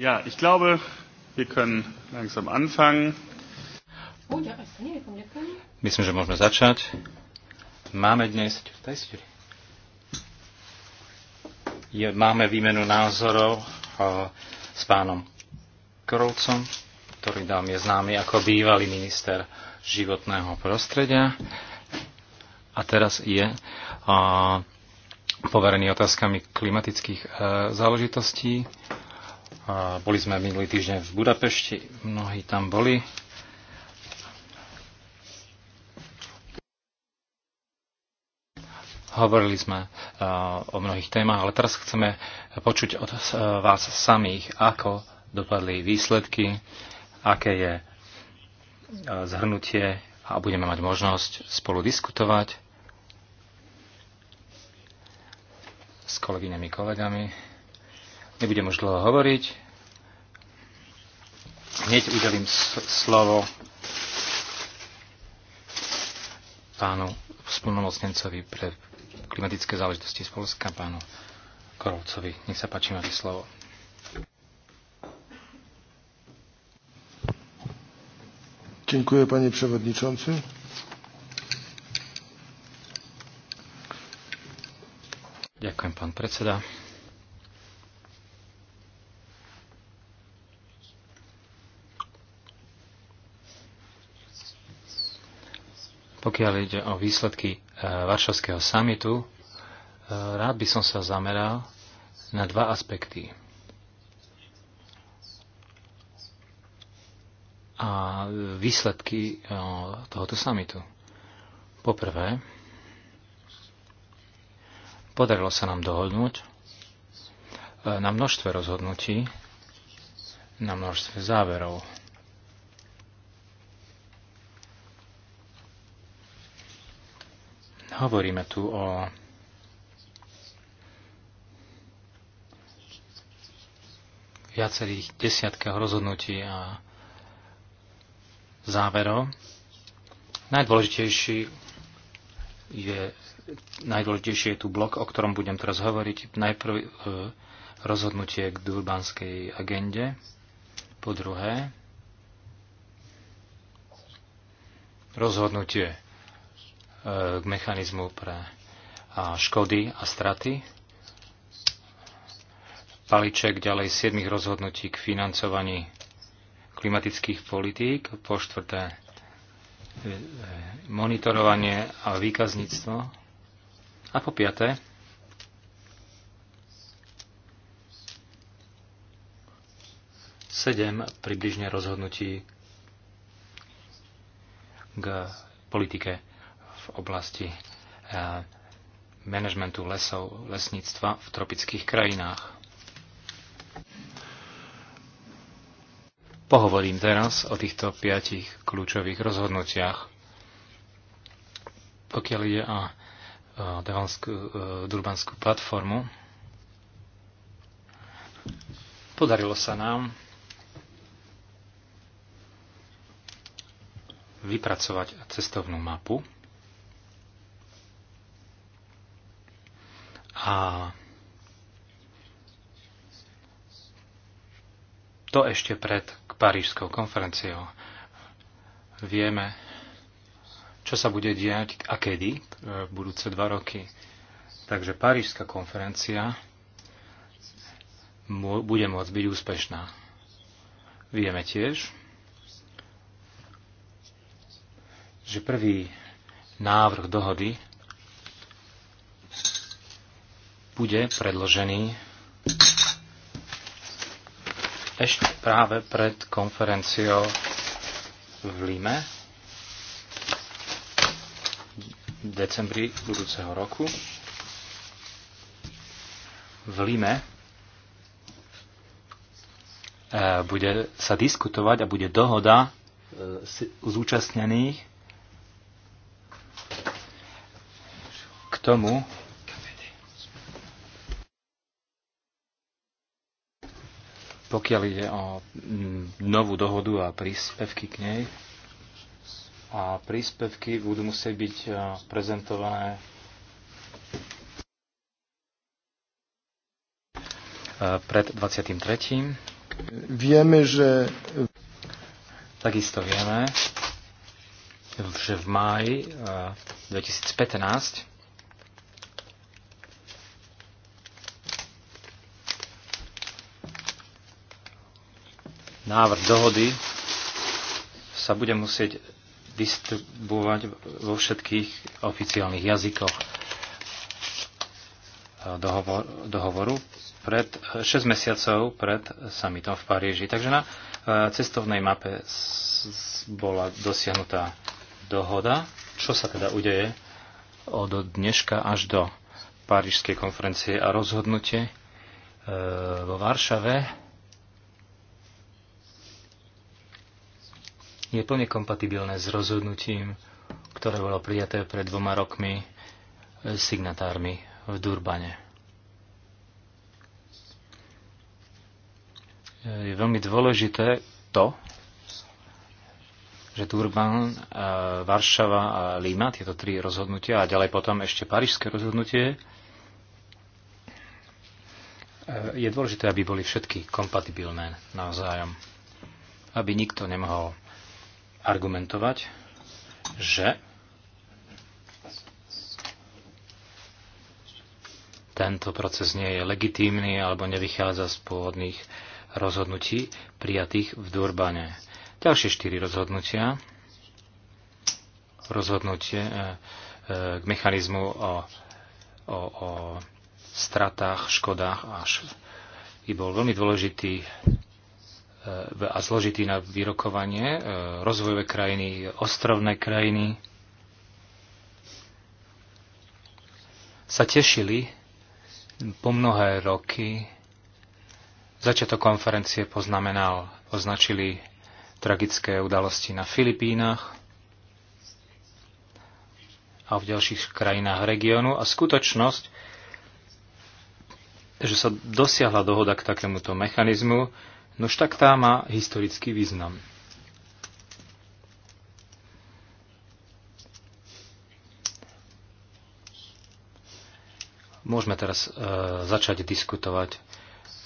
Ja, ich glaube, wir können langsam anfangen. Myslím, že môžeme začať. Máme dnes... Je, máme výmenu názorov uh, s pánom Krovcom, ktorý nám je známy ako bývalý minister životného prostredia a teraz je uh, poverený otázkami klimatických uh, záležitostí boli sme minulý týždeň v Budapešti, mnohí tam boli. Hovorili sme e, o mnohých témach, ale teraz chceme počuť od e, vás samých, ako dopadli výsledky, aké je e, zhrnutie a budeme mať možnosť spolu diskutovať s kolegyňami, kolegami. Nebudem už dlho hovoriť. Hneď udelím slovo pánu spolnomocnencovi pre klimatické záležitosti z Polska, pánu Korovcovi. Nech sa páči, máte slovo. Dziękuję panie przewodniczący. Dziękuję pan predseda. Pokiaľ ide o výsledky e, Varšavského samitu, e, rád by som sa zameral na dva aspekty. A výsledky e, tohoto samitu. Poprvé, podarilo sa nám dohodnúť na množstve rozhodnutí, na množstve záverov. Hovoríme tu o viacerých desiatkách rozhodnutí a záverov. Najdôležitejší je, najdôležitejší je tu blok, o ktorom budem teraz hovoriť. Najprv e, rozhodnutie k durbanskej agende. Po druhé, rozhodnutie k mechanizmu pre škody a straty. Paliček ďalej 7 rozhodnutí k financovaní klimatických politík. Po štvrté e, e, monitorovanie a výkazníctvo. A po piaté sedem približne rozhodnutí k politike v oblasti eh, manažmentu lesov, lesníctva v tropických krajinách. Pohovorím teraz o týchto piatich kľúčových rozhodnutiach. Pokiaľ ide o eh, Durbanskú platformu, podarilo sa nám vypracovať cestovnú mapu A to ešte pred Parížskou konferenciou. Vieme, čo sa bude diať a kedy v e, budúce dva roky. Takže Parížská konferencia bude môcť byť úspešná. Vieme tiež, že prvý návrh dohody bude predložený ešte práve pred konferenciou v Lime v decembri budúceho roku. V Lime e, bude sa diskutovať a bude dohoda e, zúčastnených k tomu, Pokiaľ ide o mm, novú dohodu a príspevky k nej, a príspevky budú musieť byť e, prezentované e, pred 23. Vieme, že... Takisto vieme, že v máji 2015 e, návrh dohody sa bude musieť distribuovať vo všetkých oficiálnych jazykoch eh, dohovor, dohovoru pred 6 eh, mesiacov pred summitom v Paríži. Takže na eh, cestovnej mape bola dosiahnutá dohoda, čo sa teda udeje od dneška až do Parížskej konferencie a rozhodnutie vo Varšave je plne kompatibilné s rozhodnutím, ktoré bolo prijaté pred dvoma rokmi e, signatármi v Durbane. E, je veľmi dôležité to, že Durban, e, Varšava a Líma, tieto tri rozhodnutia a ďalej potom ešte parížské rozhodnutie, je dôležité, aby boli všetky kompatibilné navzájom. Aby nikto nemohol argumentovať, že tento proces nie je legitímny alebo nevychádza z pôvodných rozhodnutí prijatých v Durbane. Ďalšie štyri rozhodnutia. Rozhodnutie e, e, k mechanizmu o, o, o stratách, škodách až i bol veľmi dôležitý a zložitý na vyrokovanie. E, rozvojové krajiny, ostrovné krajiny sa tešili po mnohé roky. Začiatok konferencie poznamenal, označili tragické udalosti na Filipínach a v ďalších krajinách regiónu a skutočnosť, že sa dosiahla dohoda k takémuto mechanizmu, nož tak tá má historický význam. Môžeme teraz e, začať diskutovať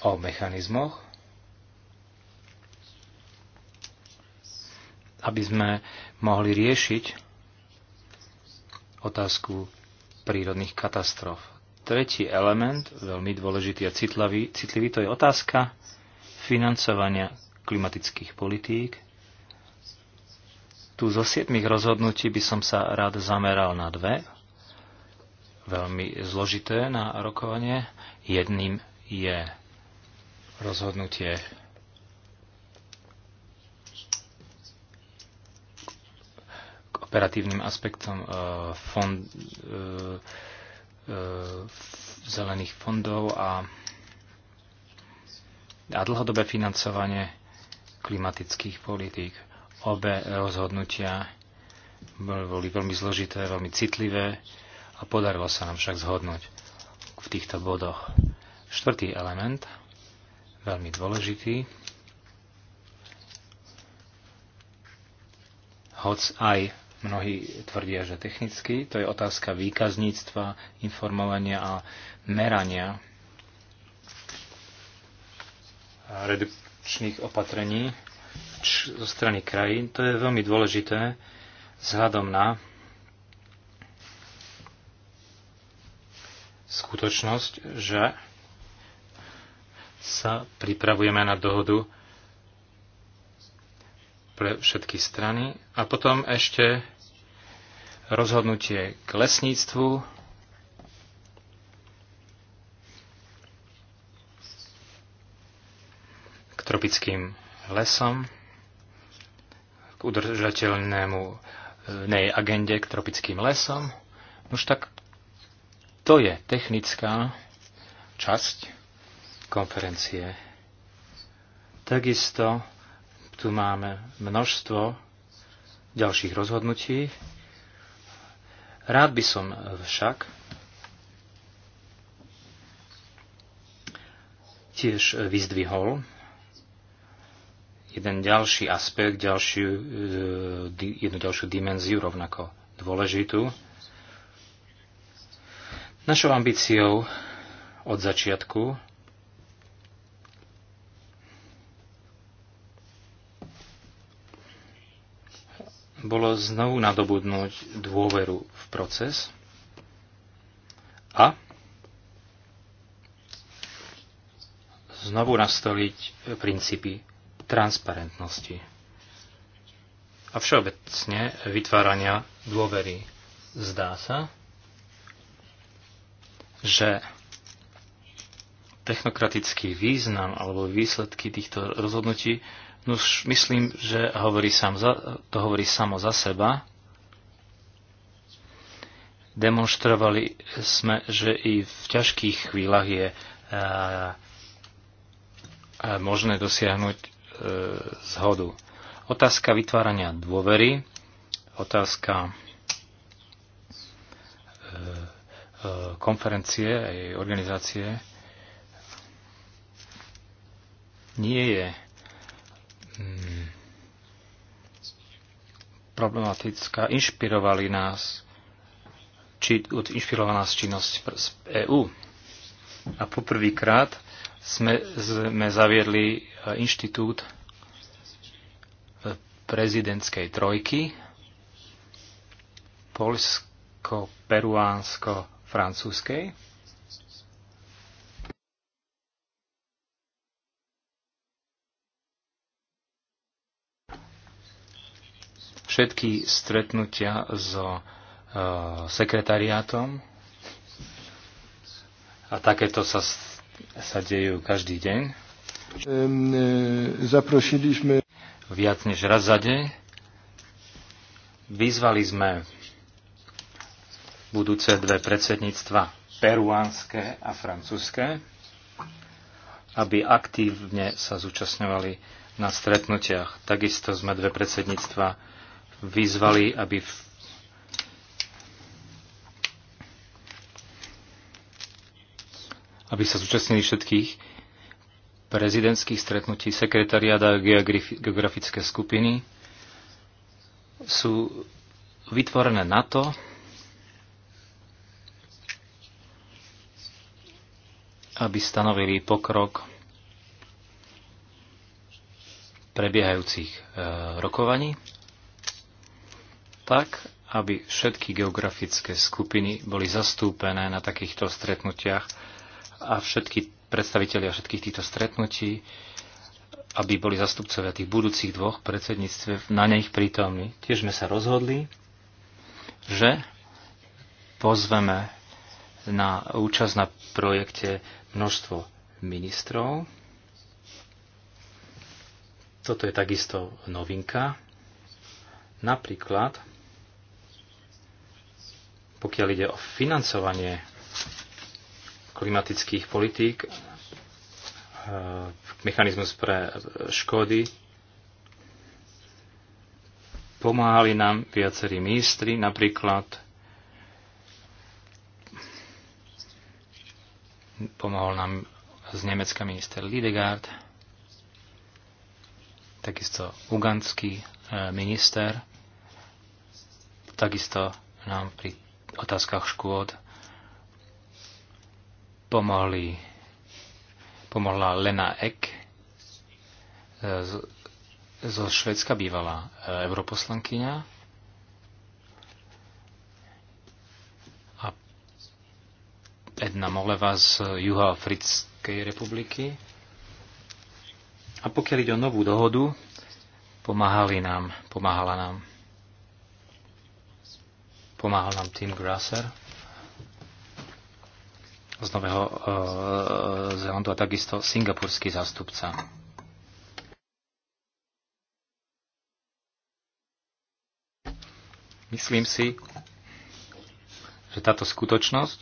o mechanizmoch, aby sme mohli riešiť otázku prírodných katastrof. Tretí element, veľmi dôležitý a citlivý, citlivý to je otázka financovania klimatických politík. Tu zo siedmých rozhodnutí by som sa rád zameral na dve, veľmi zložité na rokovanie. Jedným je rozhodnutie k operatívnym aspektom e, fond, e, e, zelených fondov a a dlhodobé financovanie klimatických politík. Obe rozhodnutia boli veľmi zložité, veľmi citlivé a podarilo sa nám však zhodnúť v týchto bodoch. Štvrtý element, veľmi dôležitý, hoc aj mnohí tvrdia, že technicky, to je otázka výkazníctva, informovania a merania redukčných opatrení zo strany krajín. To je veľmi dôležité vzhľadom na skutočnosť, že sa pripravujeme na dohodu pre všetky strany. A potom ešte rozhodnutie k lesníctvu, tropickým lesom, k udržateľnému e, nej agende k tropickým lesom. Už tak to je technická časť konferencie. Takisto tu máme množstvo ďalších rozhodnutí. Rád by som však tiež vyzdvihol jeden ďalší aspekt, ďalšiu, e, jednu ďalšiu dimenziu rovnako dôležitú. Našou ambíciou od začiatku bolo znovu nadobudnúť dôveru v proces a znovu nastoliť princípy transparentnosti a všeobecne vytvárania dôvery. Zdá sa, že technokratický význam alebo výsledky týchto rozhodnutí, no už myslím, že hovorí sám za, to hovorí samo za seba. Demonstrovali sme, že i v ťažkých chvíľach je a, eh, a eh, možné dosiahnuť E, zhodu. Otázka vytvárania dôvery, otázka e, e, konferencie a jej organizácie nie je mm, problematická. Inšpirovali nás, či, inšpirovala nás činnosť z EÚ. A poprvýkrát sme, sme zaviedli e, inštitút e, prezidentskej trojky polsko-peruánsko-francúzskej. Všetky stretnutia so e, sekretariátom a takéto sa sa dejú každý deň. E, Zaprosili sme viac než raz za deň. Vyzvali sme budúce dve predsedníctva peruánske a francúzske, aby aktívne sa zúčastňovali na stretnutiach. Takisto sme dve predsedníctva vyzvali, aby aby sa zúčastnili všetkých prezidentských stretnutí sekretariáda geografické skupiny sú vytvorené na to, aby stanovili pokrok prebiehajúcich e, rokovaní, tak, aby všetky geografické skupiny boli zastúpené na takýchto stretnutiach a všetky predstavitelia všetkých týchto stretnutí, aby boli zastupcovia tých budúcich dvoch predsedníctv na nej prítomní. Tiež sme sa rozhodli, že pozveme na účasť na projekte množstvo ministrov. Toto je takisto novinka. Napríklad, pokiaľ ide o financovanie klimatických politík, e, mechanizmus pre škody. Pomáhali nám viacerí ministri, napríklad pomohol nám z Nemecka minister Lidegaard, takisto ugandský e, minister, takisto nám pri otázkach škôd Pomohli, pomohla Lena Ek e, zo Švedska bývalá e, europoslankyňa a Edna Moleva z Juhoafrickej republiky. A pokiaľ ide o novú dohodu, pomáhali nám, pomáhala nám. Pomáhal nám Tim Grasser z Nového e, e, Zelandu a takisto singapurský zástupca. Myslím si, že táto skutočnosť,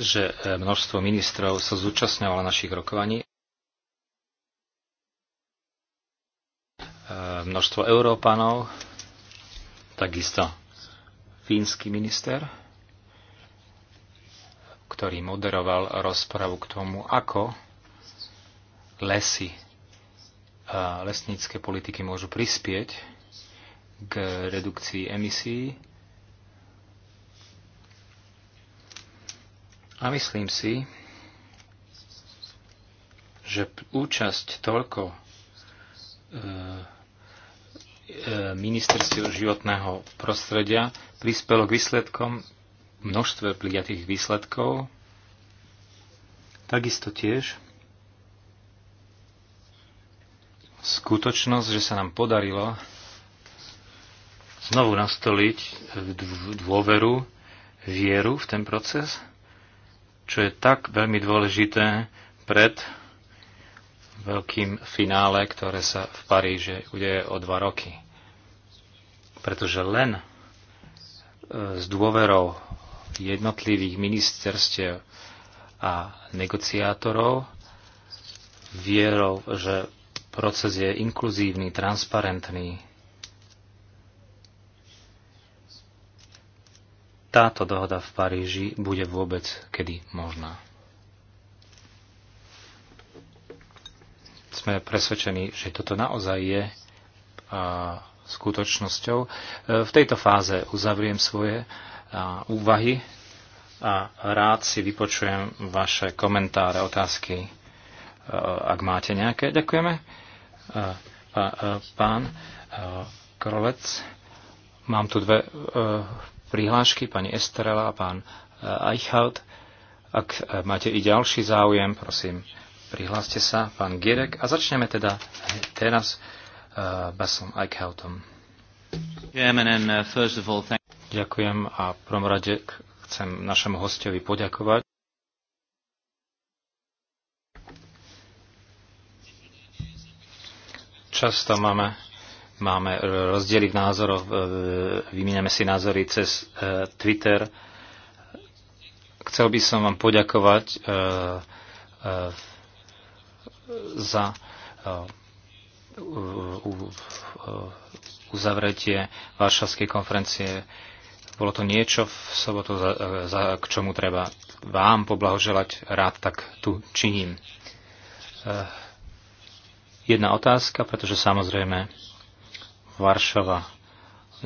že e, množstvo ministrov sa zúčastňovalo našich rokovaní, množstvo Európanov, takisto fínsky minister, ktorý moderoval rozpravu k tomu, ako lesy a lesnícke politiky môžu prispieť k redukcii emisí. A myslím si, že účasť toľko e, E, Ministerstvo životného prostredia prispelo k výsledkom množstve prijatých výsledkov. Takisto tiež skutočnosť, že sa nám podarilo znovu nastoliť dôveru, vieru v ten proces, čo je tak veľmi dôležité pred veľkým finále, ktoré sa v Paríže udeje o dva roky. Pretože len e, s dôverou jednotlivých ministerstiev a negociátorov, vierou, že proces je inkluzívny, transparentný, táto dohoda v Paríži bude vôbec kedy možná. sme presvedčení, že toto naozaj je skutočnosťou. E, v tejto fáze uzavriem svoje úvahy a rád si vypočujem vaše komentáre, otázky, e, ak máte nejaké. Ďakujeme. E, pán Krolec, mám tu dve prihlášky, pani Esterela a pán Eichhout. Ak máte i ďalší záujem, prosím, Prihláste sa, pán Girek, a začneme teda teraz eh, uh, Basom Eichhautom. Ďakujem a v prvom rade chcem našemu hostovi poďakovať. Často máme, máme rozdiely v názoroch, vymieňame si názory cez eh, Twitter. Chcel by som vám poďakovať uh, uh, za eh, eh, uzavretie Varšavskej konferencie. Bolo to niečo v sobotu, za, eh, za, k čomu treba vám poblahoželať. Rád tak tu činím. Jedna otázka, pretože samozrejme Varšava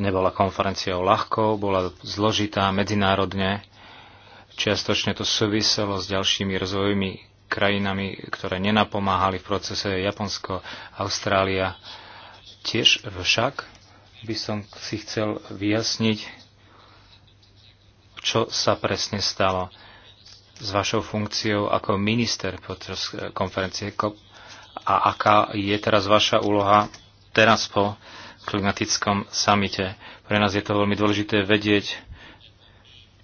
nebola konferenciou ľahkou, bola zložitá medzinárodne. Čiastočne to súviselo s ďalšími rozvojmi krajinami, ktoré nenapomáhali v procese Japonsko, Austrália. Tiež však by som si chcel vyjasniť, čo sa presne stalo s vašou funkciou ako minister počas eh, konferencie COP a aká je teraz vaša úloha teraz po klimatickom samite. Pre nás je to veľmi dôležité vedieť,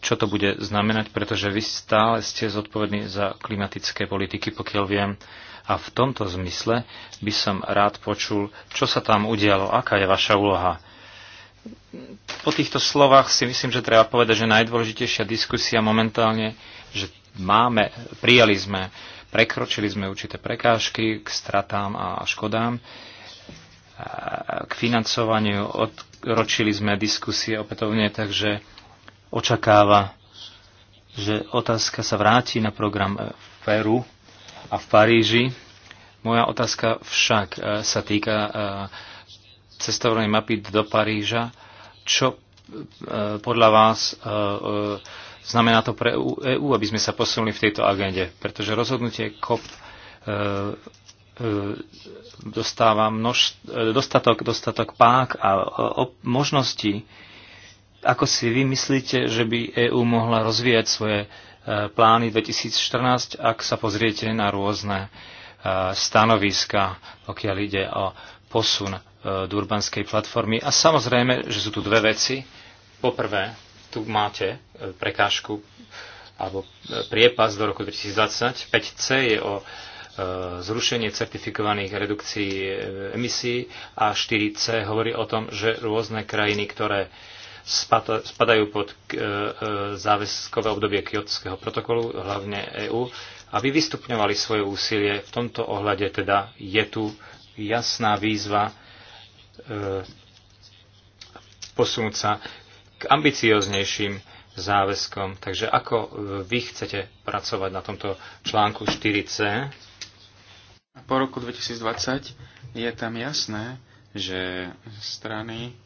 čo to bude znamenať, pretože vy stále ste zodpovední za klimatické politiky, pokiaľ viem. A v tomto zmysle by som rád počul, čo sa tam udialo, aká je vaša úloha. Po týchto slovách si myslím, že treba povedať, že najdôležitejšia diskusia momentálne, že máme, prijali sme, prekročili sme určité prekážky k stratám a škodám, k financovaniu, odročili sme diskusie opätovne, takže očakáva, že otázka sa vráti na program v Peru a v Paríži. Moja otázka však e, sa týka e, cestovnej mapy do Paríža. Čo e, podľa vás znamená to pre EÚ, aby sme sa posunuli v tejto agende? Pretože rozhodnutie COP dostáva množ, dostatok, dostatok pák a možností ako si vy myslíte, že by EÚ mohla rozvíjať svoje e, plány 2014, ak sa pozriete na rôzne e, stanoviska, pokiaľ ide o posun e, Durbanskej platformy. A samozrejme, že sú tu dve veci. Poprvé, tu máte prekážku alebo priepas do roku 2020. 5C je o zrušenie certifikovaných redukcií emisí a 4C hovorí o tom, že rôzne krajiny, ktoré spadajú pod e, e, záväzkové obdobie Kyotského protokolu, hlavne EÚ, aby vystupňovali svoje úsilie. V tomto ohľade teda je tu jasná výzva e, posunúť sa k ambicioznejším záväzkom. Takže ako vy chcete pracovať na tomto článku 4c? Po roku 2020 je tam jasné, že strany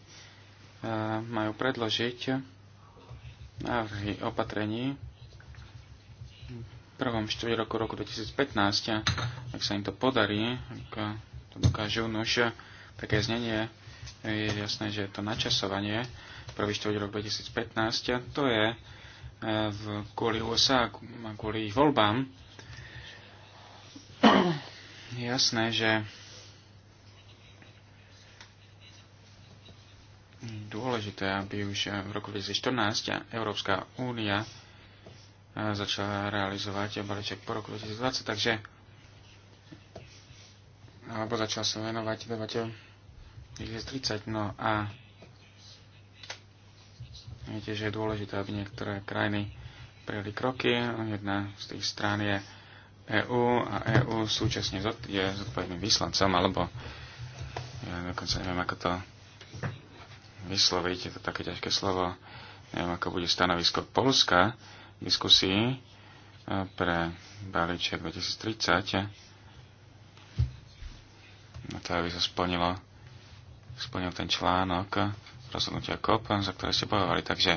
majú predložiť návrhy opatrení v prvom štvrť roku roku 2015. Ak sa im to podarí, ak to dokážu, nuž také znenie je jasné, že je to načasovanie prvý štvrť rok 2015 to je e, v, kvôli USA a kvôli ich voľbám jasné, že dôležité, aby už v roku 2014 Európska únia eh, začala realizovať balíček po roku 2020, takže alebo začala sa venovať debate 2030. No a viete, že je dôležité, aby niektoré krajiny prijali kroky. Jedna z tých strán je EÚ a EU súčasne je zodpovedným výslancom alebo ja dokonca neviem, ako to vysloviť, to také ťažké slovo, neviem, ako bude stanovisko Polska v diskusii e, pre balíček 2030, na to, aby sa splnilo, splnil ten článok rozhodnutia COP, za ktoré ste bojovali. Takže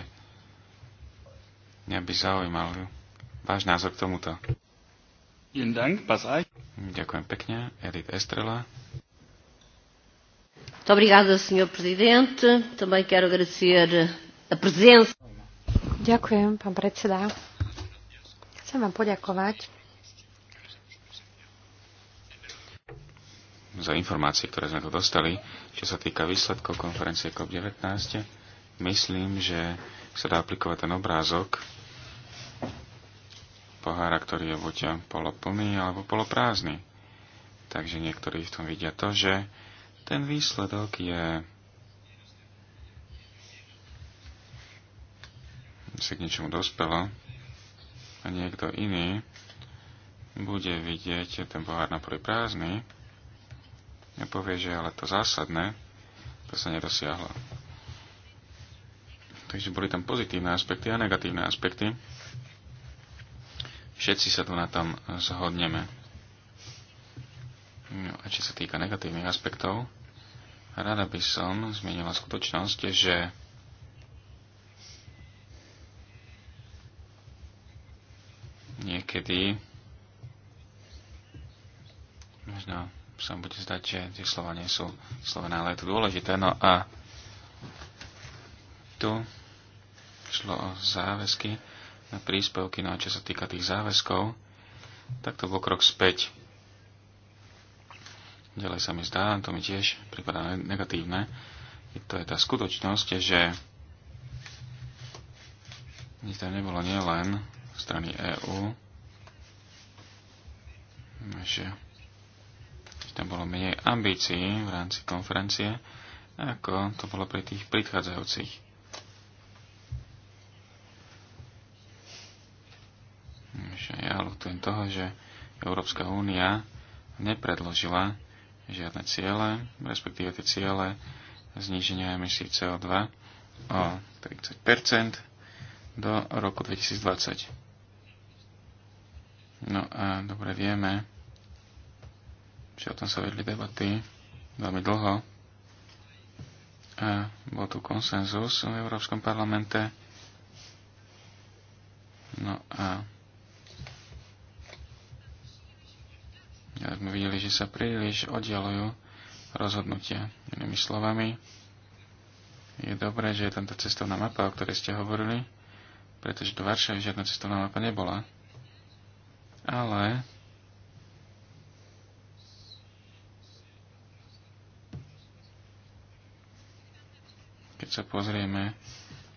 mňa by zaujímal váš názor k tomuto. Ďakujem pekne, Edith Estrela. Muito obrigada, Sr. Presidente. Também quero agradecer a presença. Ďakujem, pán predseda. Chcem vám poďakovať za informácie, ktoré sme tu dostali. Čo sa týka výsledkov konferencie COP19, myslím, že sa dá aplikovať ten obrázok pohára, ktorý je buď poloplný alebo poloprázdny. Takže niektorí v tom vidia to, že ten výsledok je si k niečomu dospelo a niekto iný bude vidieť ten pohár na prvý prázdny a povie, že ale to zásadné, to sa nedosiahlo. Takže boli tam pozitívne aspekty a negatívne aspekty. Všetci sa tu na tom zhodneme. No a čo sa týka negatívnych aspektov, rada by som zmenila skutočnosť, že niekedy možno sa bude zdať, že tie slova nie sú slovené, ale je to dôležité. No a tu šlo o záväzky na príspevky, no a čo sa týka tých záväzkov, tak to bol krok späť Ďalej sa mi zdá, to mi tiež pripadá negatívne, to je tá skutočnosť, že nič tam nebolo nielen strany EÚ, že tam bolo menej ambícií v rámci konferencie, ako to bolo pri tých predchádzajúcich. Že ja lutujem toho, že Európska únia nepredložila žiadne ciele, respektíve tie ciele zníženia emisí CO2 o 30 do roku 2020. No a dobre vieme, že o tom sa vedli debaty veľmi dlho a bol tu konsenzus v Európskom parlamente. No a A sme videli, že sa príliš oddialujú rozhodnutia. Inými slovami, je dobré, že je tam tá cestovná mapa, o ktorej ste hovorili, pretože do Varšavy žiadna cestovná mapa nebola. Ale keď sa pozrieme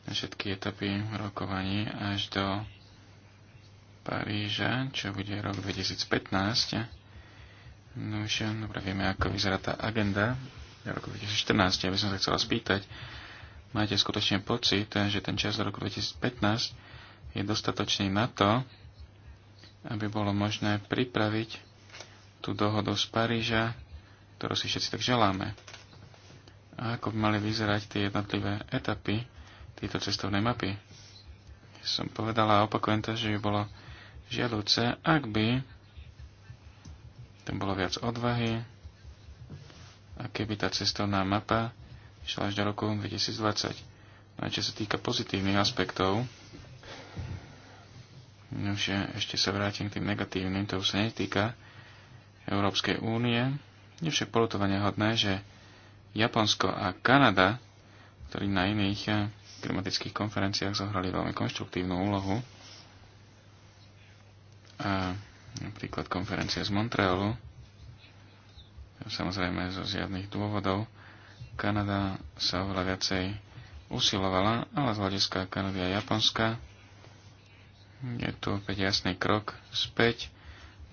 na všetky etapy rokovaní až do Paríža, čo bude rok 2015, No už dobre vieme, ako vyzerá tá agenda do roku 2014. Ja by som sa chcela spýtať, máte skutočne pocit, že ten čas do roku 2015 je dostatočný na to, aby bolo možné pripraviť tú dohodu z Paríža, ktorú si všetci tak želáme. A ako by mali vyzerať tie jednotlivé etapy tejto cestovnej mapy. Som povedala a opakujem to, že by bolo žiaduce, ak by tam bolo viac odvahy a keby tá cestovná mapa išla až do roku 2020. No a čo sa týka pozitívnych aspektov, no ešte sa vrátim k tým negatívnym, to už sa netýka Európskej únie. Je však polutovanie hodné, že Japonsko a Kanada, ktorí na iných eh, klimatických konferenciách zohrali veľmi konštruktívnu úlohu, a Napríklad konferencia z Montrealu. Samozrejme zo žiadnych dôvodov. Kanada sa oveľa viacej usilovala, ale z hľadiska Kanady a Japonska je tu opäť jasný krok späť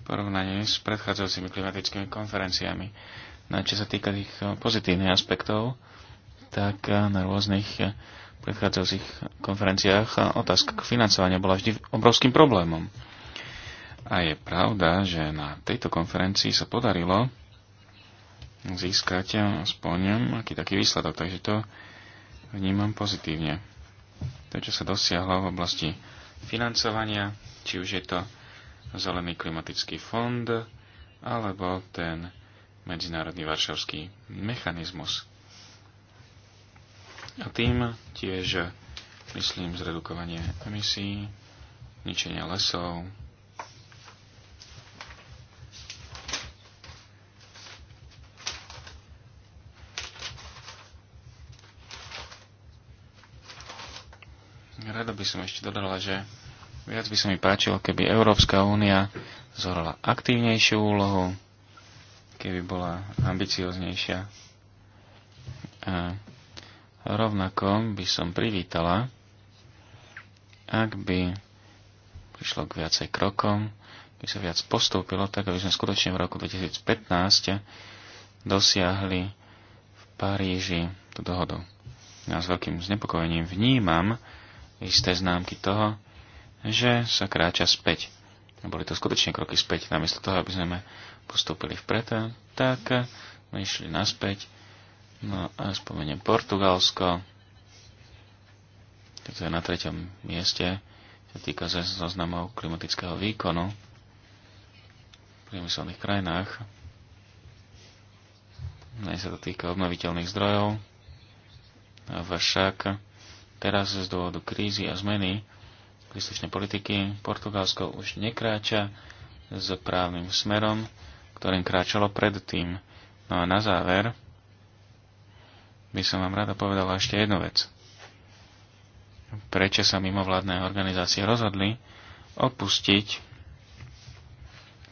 v porovnaní s predchádzajúcimi klimatickými konferenciami. No a čo sa týka tých eh, pozitívnych aspektov, tak eh, na rôznych eh, predchádzajúcich konferenciách otázka k financovania bola vždy obrovským problémom. A je pravda, že na tejto konferencii sa podarilo získať aspoň aký taký výsledok, takže to vnímam pozitívne. To, čo sa dosiahlo v oblasti financovania, či už je to Zelený klimatický fond, alebo ten Medzinárodný varšavský mechanizmus. A tým tiež myslím zredukovanie emisí, ničenia lesov, Rada by som ešte dodala, že viac by sa mi páčilo, keby Európska únia zhorala aktívnejšiu úlohu, keby bola ambicioznejšia. A rovnako by som privítala, ak by prišlo k viacej krokom, by sa viac postúpilo, tak aby sme skutočne v roku 2015 dosiahli v Paríži tú dohodu. Ja s veľkým znepokojením vnímam, isté známky toho, že sa kráča späť. A boli to skutočne kroky späť. Namiesto toho, aby sme postúpili vpred, tak my išli naspäť. No a spomeniem Portugalsko. To je na treťom mieste. Sa týka zoznamov klimatického výkonu v priemyselných krajinách. Mne sa to týka obnoviteľných zdrojov. Avšak Teraz z dôvodu krízy a zmeny príslušnej politiky Portugalsko už nekráča s právnym smerom, ktorým kráčalo predtým. No a na záver by som vám rada povedala ešte jednu vec. Prečo sa mimovládne organizácie rozhodli opustiť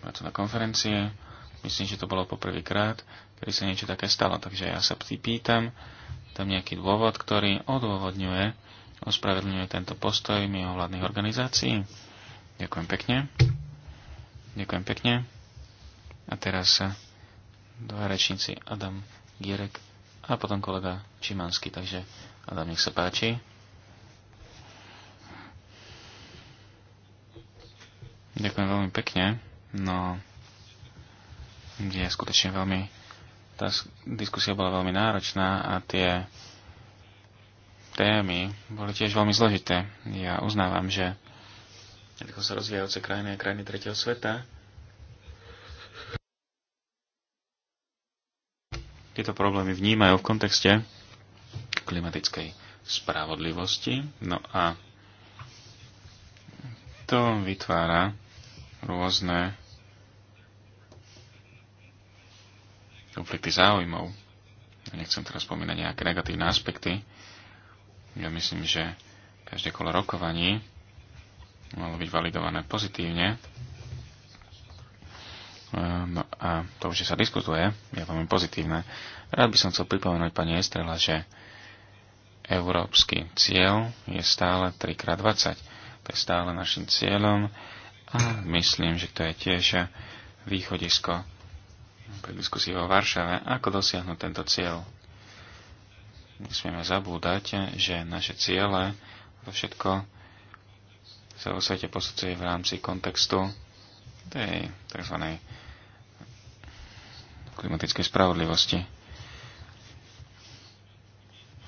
na konferencie? Myslím, že to bolo poprvýkrát, kedy sa niečo také stalo. Takže ja sa pýtam, tam nejaký dôvod, ktorý odôvodňuje, ospravedlňuje tento postoj mimovládnych organizácií? Ďakujem pekne. Ďakujem pekne. A teraz dva rečníci Adam Gierek a potom kolega Čimanský. Takže Adam, nech sa páči. Ďakujem veľmi pekne. No, je skutočne veľmi tá diskusia bola veľmi náročná a tie témy boli tiež veľmi zložité. Ja uznávam, že ako sa rozvíjajúce krajiny a krajiny tretieho sveta tieto problémy vnímajú v kontexte klimatickej spravodlivosti. No a to vytvára rôzne konflikty záujmov. Ja nechcem teraz spomínať nejaké negatívne aspekty. Ja myslím, že každé kolo rokovaní malo byť validované pozitívne. Ehm, no a to, že sa diskutuje, je veľmi pozitívne. Rád by som chcel pripomenúť pani Estrela, že európsky cieľ je stále 3x20. To je stále našim cieľom a myslím, že to je tiež východisko pri diskusii o Varšave, ako dosiahnuť tento cieľ. Nesmieme zabúdať, že naše ciele, to všetko sa vo svete posudzuje v rámci kontextu tej tzv. klimatickej spravodlivosti.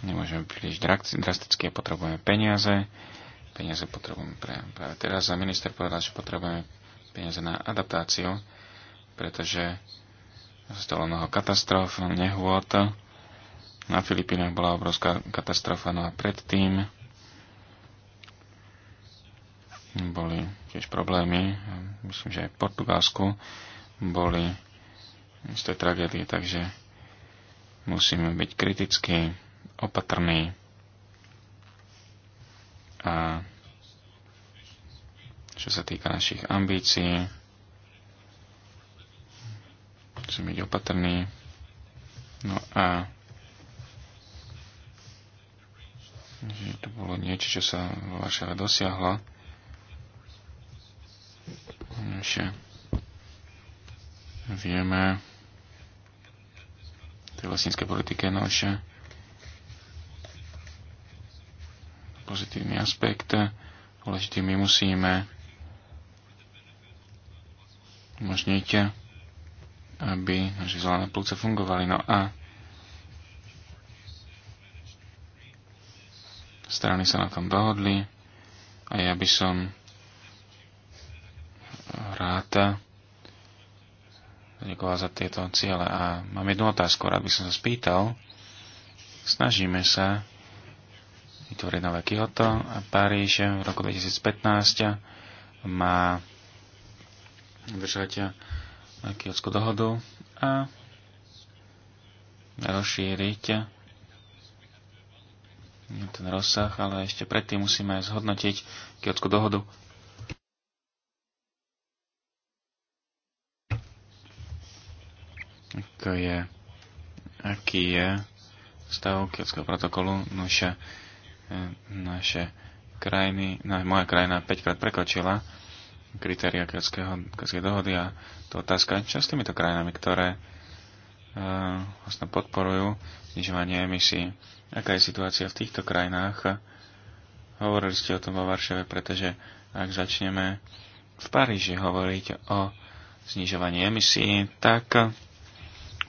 Nemôžeme príliš drasticky, potrebujeme peniaze. Peniaze potrebujeme pre, práve teraz. A minister povedal, že potrebujeme peniaze na adaptáciu, pretože Stalo mnoho katastrof, nehôd. Na Filipínach bola obrovská katastrofa, no a predtým boli tiež problémy, myslím, že aj v Portugalsku boli isté tragédie, takže musíme byť kritickí, opatrní a čo sa týka našich ambícií, musím byť opatrný. No a že to bolo niečo, čo sa vo Varšave dosiahlo. Že vieme tej vlastníckej politike, no že pozitívny aspekt, dôležitý my musíme umožniť aby naše zelené plúce fungovali. No a strany sa na tom dohodli a ja by som ráta poďakoval za tieto ciele. A mám jednu otázku, rád by som sa spýtal. Snažíme sa vytvoriť nové Kyoto a Paríž v roku 2015 má držať Kielskú dohodu a rozšíriť ten rozsah, ale ešte predtým musíme zhodnotiť Kielskú dohodu. Ako je, aký je stav Kielského protokolu? Naše, naše krajiny, na, moja krajina 5 krát prekročila kritéria Kielskej dohody a to otázka, čo s týmito krajinami, ktoré uh, vlastne podporujú znižovanie emisí. Aká je situácia v týchto krajinách? Hovorili ste o tom vo Varšave, pretože ak začneme v Paríži hovoriť o znižovaní emisí, tak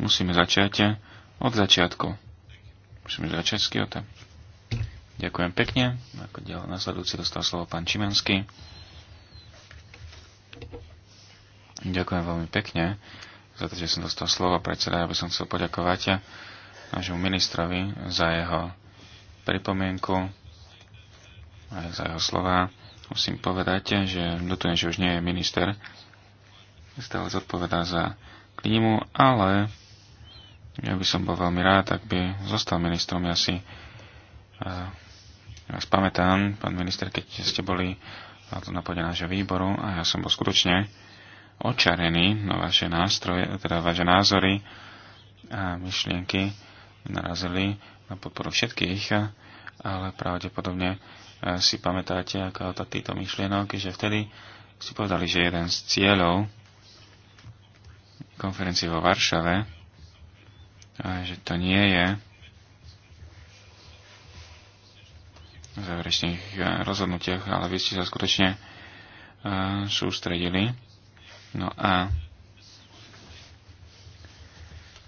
musíme začať od začiatku. Musíme začať s Kyoto. Ďakujem pekne. Ako ďalej nasledujúci dostal slovo pán Čimanský. Ďakujem veľmi pekne za to, že som dostal slovo predseda. Ja by som chcel poďakovať nášmu ministrovi za jeho pripomienku a za jeho slova. Musím povedať, že ľutujem, že už nie je minister. Stále zodpovedá za klímu, ale ja by som bol veľmi rád, ak by zostal ministrom. Ja si vás ja pamätám, pán minister, keď ste boli na pôde nášho výboru a ja som bol skutočne očarení na vaše nástroje, teda vaše názory a myšlienky narazili na podporu všetkých, ale pravdepodobne e, si pamätáte, aká tá týto myšlienok, že vtedy si povedali, že jeden z cieľov konferencie vo Varšave, že to nie je v záverečných e, rozhodnutiach, ale vy ste sa skutočne e, sústredili No a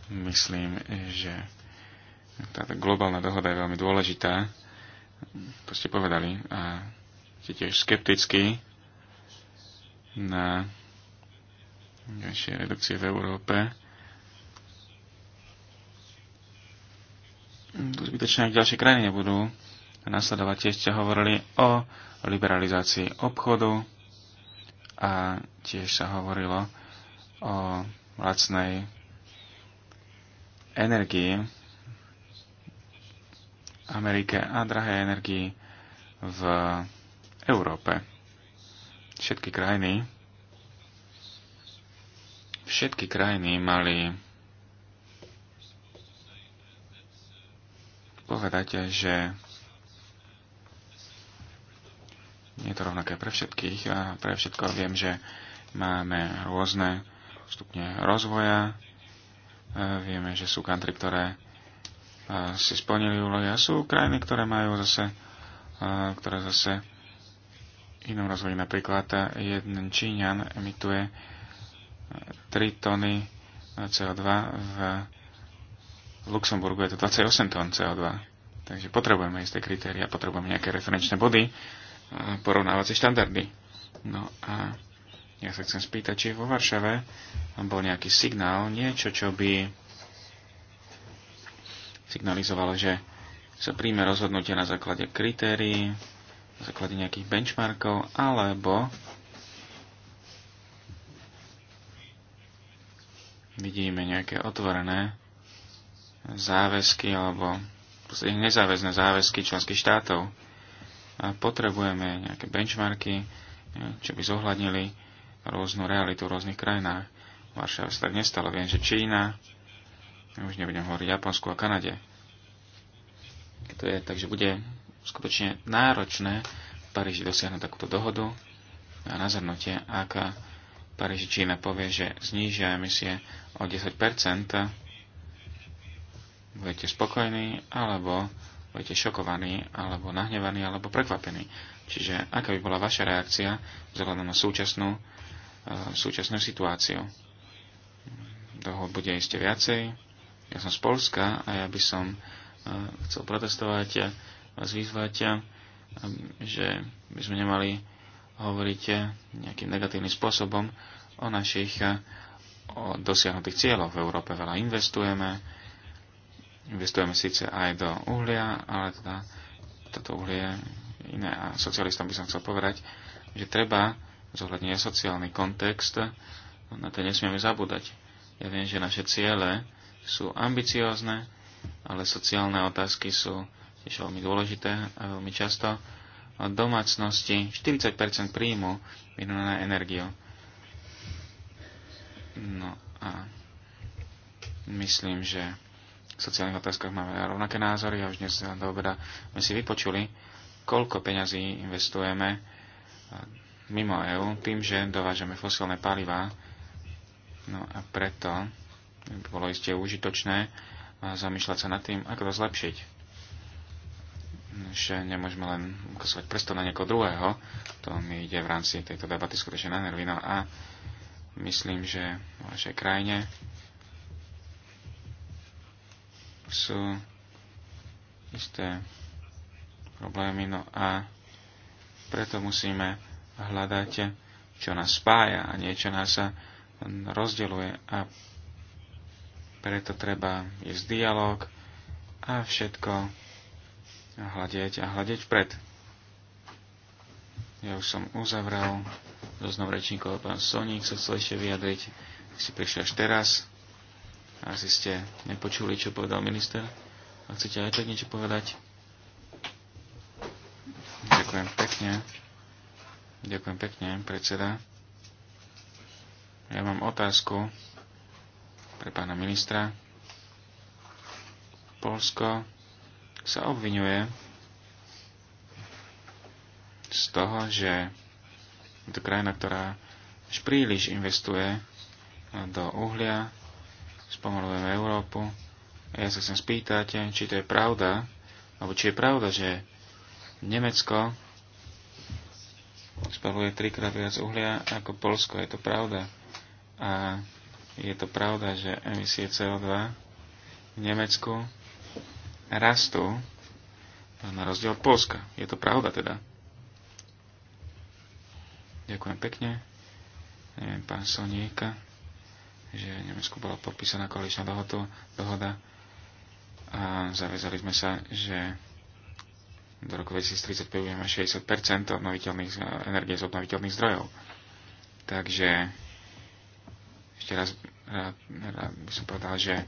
myslím, že táto globálna dohoda je veľmi dôležitá. To ste povedali. A ste tiež skeptickí na ďalšie redukcie v Európe. Zbytočne, ak ďalšie krajiny nebudú nasledovať, tiež ste hovorili o liberalizácii obchodu a tiež sa hovorilo o lacnej energii Amerike a drahé energii v Európe. Všetky krajiny všetky krajiny mali povedať, že je to rovnaké pre všetkých a pre všetko viem, že máme rôzne stupne rozvoja. Vieme, že sú country, ktoré si splnili úlohy a sú krajiny, ktoré majú zase, ktoré zase inom rozvoji. Napríklad jeden Číňan emituje 3 tony CO2 v Luxemburgu je to 28 tón CO2. Takže potrebujeme isté kritéria, potrebujeme nejaké referenčné body, porovnávacie štandardy. No a ja sa chcem spýtať, či vo Varšave bol nejaký signál, niečo, čo by signalizovalo, že sa príjme rozhodnutie na základe kritérií, na základe nejakých benchmarkov, alebo vidíme nejaké otvorené záväzky alebo nezáväzné záväzky členských štátov potrebujeme nejaké benchmarky, e, čo by zohľadnili rôznu realitu v rôznych krajinách. Varšava sa tak nestalo. Viem, že Čína, už nebudem hovoriť Japonsku a Kanade. To je, takže bude skutočne náročné v Paríži dosiahnuť takúto dohodu a na zhrnutie, ak Paríži Čína povie, že znížia emisie o 10%, budete spokojní, alebo budete šokovaní, alebo nahnevaní, alebo prekvapení. Čiže aká by bola vaša reakcia vzhľadom na súčasnú, eh, súčasnú situáciu? Toho bude ešte viacej. Ja som z Polska a ja by som eh, chcel protestovať a vás vyzvať, eh, že by sme nemali hovoriť nejakým negatívnym spôsobom o našich o dosiahnutých cieľoch. V Európe veľa investujeme, investujeme síce aj do uhlia, ale teda toto uhlie je iné. A socialistom by som chcel povedať, že treba zohľadne sociálny kontext, na to nesmieme zabúdať. Ja viem, že naše ciele sú ambiciózne, ale sociálne otázky sú tiež veľmi dôležité a veľmi často domácnosti 40% príjmu vynúna na energiu. No a myslím, že v sociálnych otázkach máme rovnaké názory a už dnes do obeda sme si vypočuli, koľko peňazí investujeme e, mimo EÚ tým, že dovážame fosilné palivá. No a preto by bolo isté užitočné e, zamýšľať sa nad tým, ako to zlepšiť. Že nemôžeme len ukazovať prstom na niekoho druhého, to mi ide v rámci tejto debaty skutočne na nervy. No a myslím, že v vašej krajine sú isté problémy, no a preto musíme hľadať, čo nás spája a niečo nás rozdeluje a preto treba ísť dialog a všetko hľadieť a hľadieť vpred. Ja už som uzavrel zoznam rečníkov, pán Soník sa chcel ešte vyjadriť, ak si prišiel až teraz. Asi ste nepočuli, čo povedal minister. A chcete aj tak niečo povedať? Ďakujem pekne. Ďakujem pekne, predseda. Ja mám otázku pre pána ministra. Polsko sa obvinuje z toho, že je to krajina, ktorá až príliš investuje do uhlia, spomalujeme Európu. A ja sa chcem spýtať, či to je pravda, alebo či je pravda, že Nemecko spaluje trikrát viac uhlia ako Polsko. Je to pravda. A je to pravda, že emisie CO2 v Nemecku rastú na rozdiel od Polska. Je to pravda teda. Ďakujem pekne. Neviem, pán Soníka že v Nemecku bola podpísaná koaličná dohodu, dohoda a zavezali sme sa, že do roku 2035 budeme 60 obnoviteľných, energie z obnoviteľných zdrojov. Takže ešte raz rád, rád by som povedal, že e,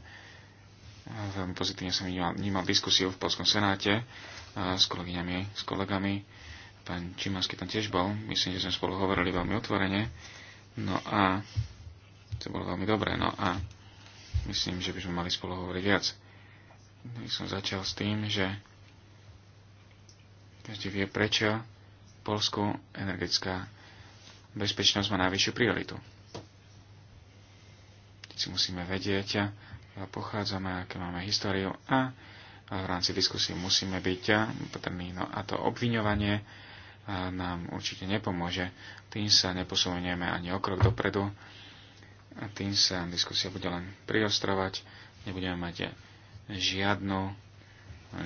veľmi pozitívne som vnímal, vnímal diskusiu v Polskom senáte e, s kolegyňami, s kolegami. Pán Čimanský tam tiež bol, myslím, že sme spolu hovorili veľmi otvorene. No a to bolo veľmi dobré. No a myslím, že by sme mali spolu hovoriť viac. No, som začal s tým, že každý vie, prečo v Polsku energetická bezpečnosť má najvyššiu prioritu. Si musíme vedieť, pochádzame, aké máme históriu a v rámci diskusie musíme byť opatrní. No a to obviňovanie nám určite nepomôže. Tým sa neposunieme ani o krok dopredu a tým sa diskusia bude len priostrovať. Nebudeme mať žiadnu,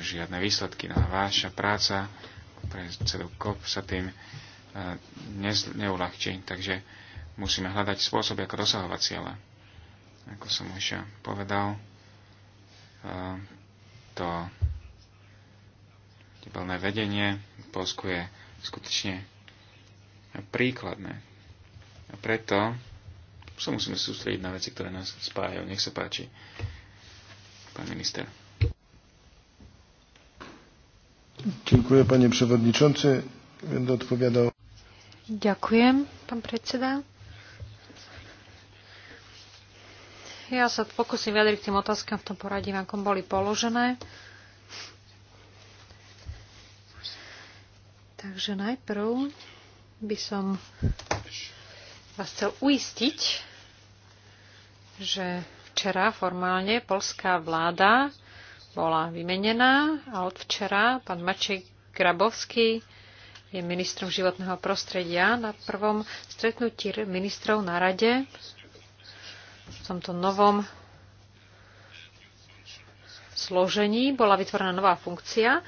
žiadne výsledky na no váša práca pre celú COP sa tým e, ne, neulahčí. Takže musíme hľadať spôsoby, ako dosahovať ciele. Ako som už povedal, e, to tebelné vedenie v Polsku je skutočne príkladné. A preto sa musíme sústrediť na veci, ktoré nás spájajú. Nech sa páči, pán minister. Ďakujem, pani prevodničonce. Będę odpowiadał. Ďakujem, pán predseda. Ja sa pokúsim vyjadriť tým otázkam v tom poradí, v akom boli položené. Takže najprv by som vás chcel uistiť, že včera formálne polská vláda bola vymenená a od včera pán Maček Grabovský je ministrom životného prostredia. Na prvom stretnutí ministrov na rade v tomto novom složení, bola vytvorená nová funkcia.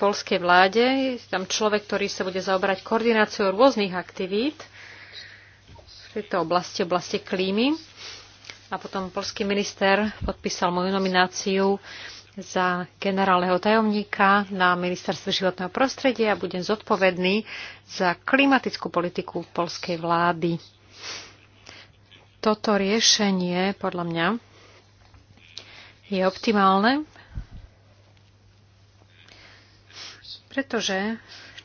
polskej vláde. Je tam človek, ktorý sa bude zaoberať koordináciou rôznych aktivít v tejto oblasti, oblasti klímy. A potom polský minister podpísal moju nomináciu za generálneho tajomníka na ministerstve životného prostredia a budem zodpovedný za klimatickú politiku polskej vlády. Toto riešenie podľa mňa je optimálne Pretože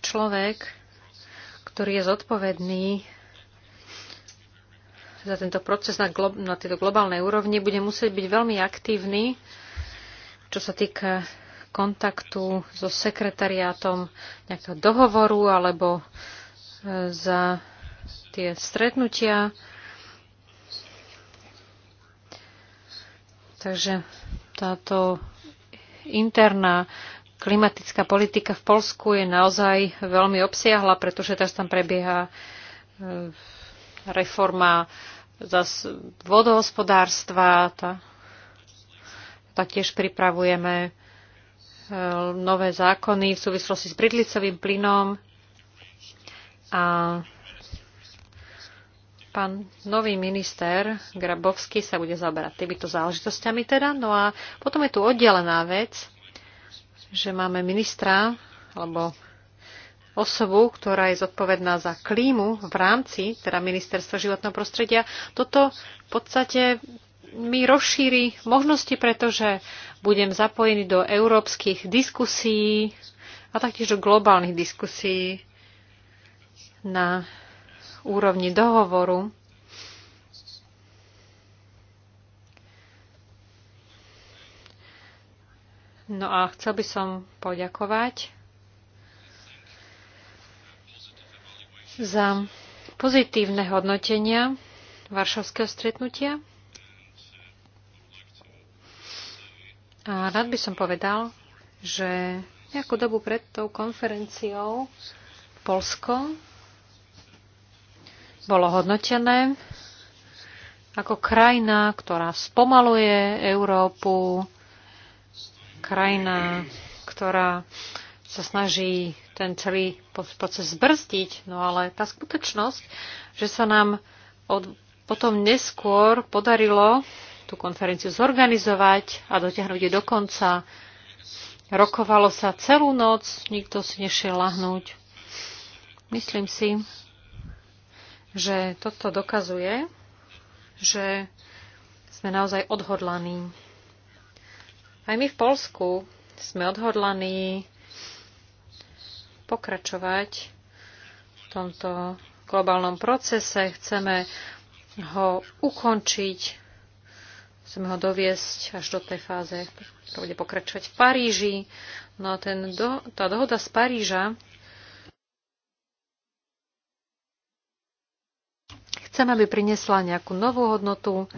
človek, ktorý je zodpovedný za tento proces na, glo- na tejto globálnej úrovni, bude musieť byť veľmi aktívny, čo sa týka kontaktu so sekretariátom nejakého dohovoru alebo e, za tie stretnutia. Takže táto interná klimatická politika v Polsku je naozaj veľmi obsiahla, pretože teraz tam prebieha e, reforma vodohospodárstva, tá, taktiež pripravujeme e, nové zákony v súvislosti s bridlicovým plynom a pán nový minister Grabovský sa bude zaberať týmito záležitosťami teda. No a potom je tu oddelená vec, že máme ministra alebo osobu, ktorá je zodpovedná za klímu v rámci teda ministerstva životného prostredia. Toto v podstate mi rozšíri možnosti, pretože budem zapojený do európskych diskusí a taktiež do globálnych diskusí na úrovni dohovoru No a chcel by som poďakovať za pozitívne hodnotenia varšovského stretnutia. A rád by som povedal, že nejakú dobu pred tou konferenciou Polsko bolo hodnotené ako krajina, ktorá spomaluje Európu, krajina, ktorá sa snaží ten celý proces zbrzdiť, no ale tá skutočnosť, že sa nám od, potom neskôr podarilo tú konferenciu zorganizovať a dotiahnuť ju do konca. Rokovalo sa celú noc, nikto si nešiel lahnúť. Myslím si, že toto dokazuje, že sme naozaj odhodlaní aj my v Polsku sme odhodlaní pokračovať v tomto globálnom procese. Chceme ho ukončiť, chceme ho doviesť až do tej fáze, ktorá bude pokračovať v Paríži. No a ten do, tá dohoda z Paríža chceme, aby priniesla nejakú novú hodnotu,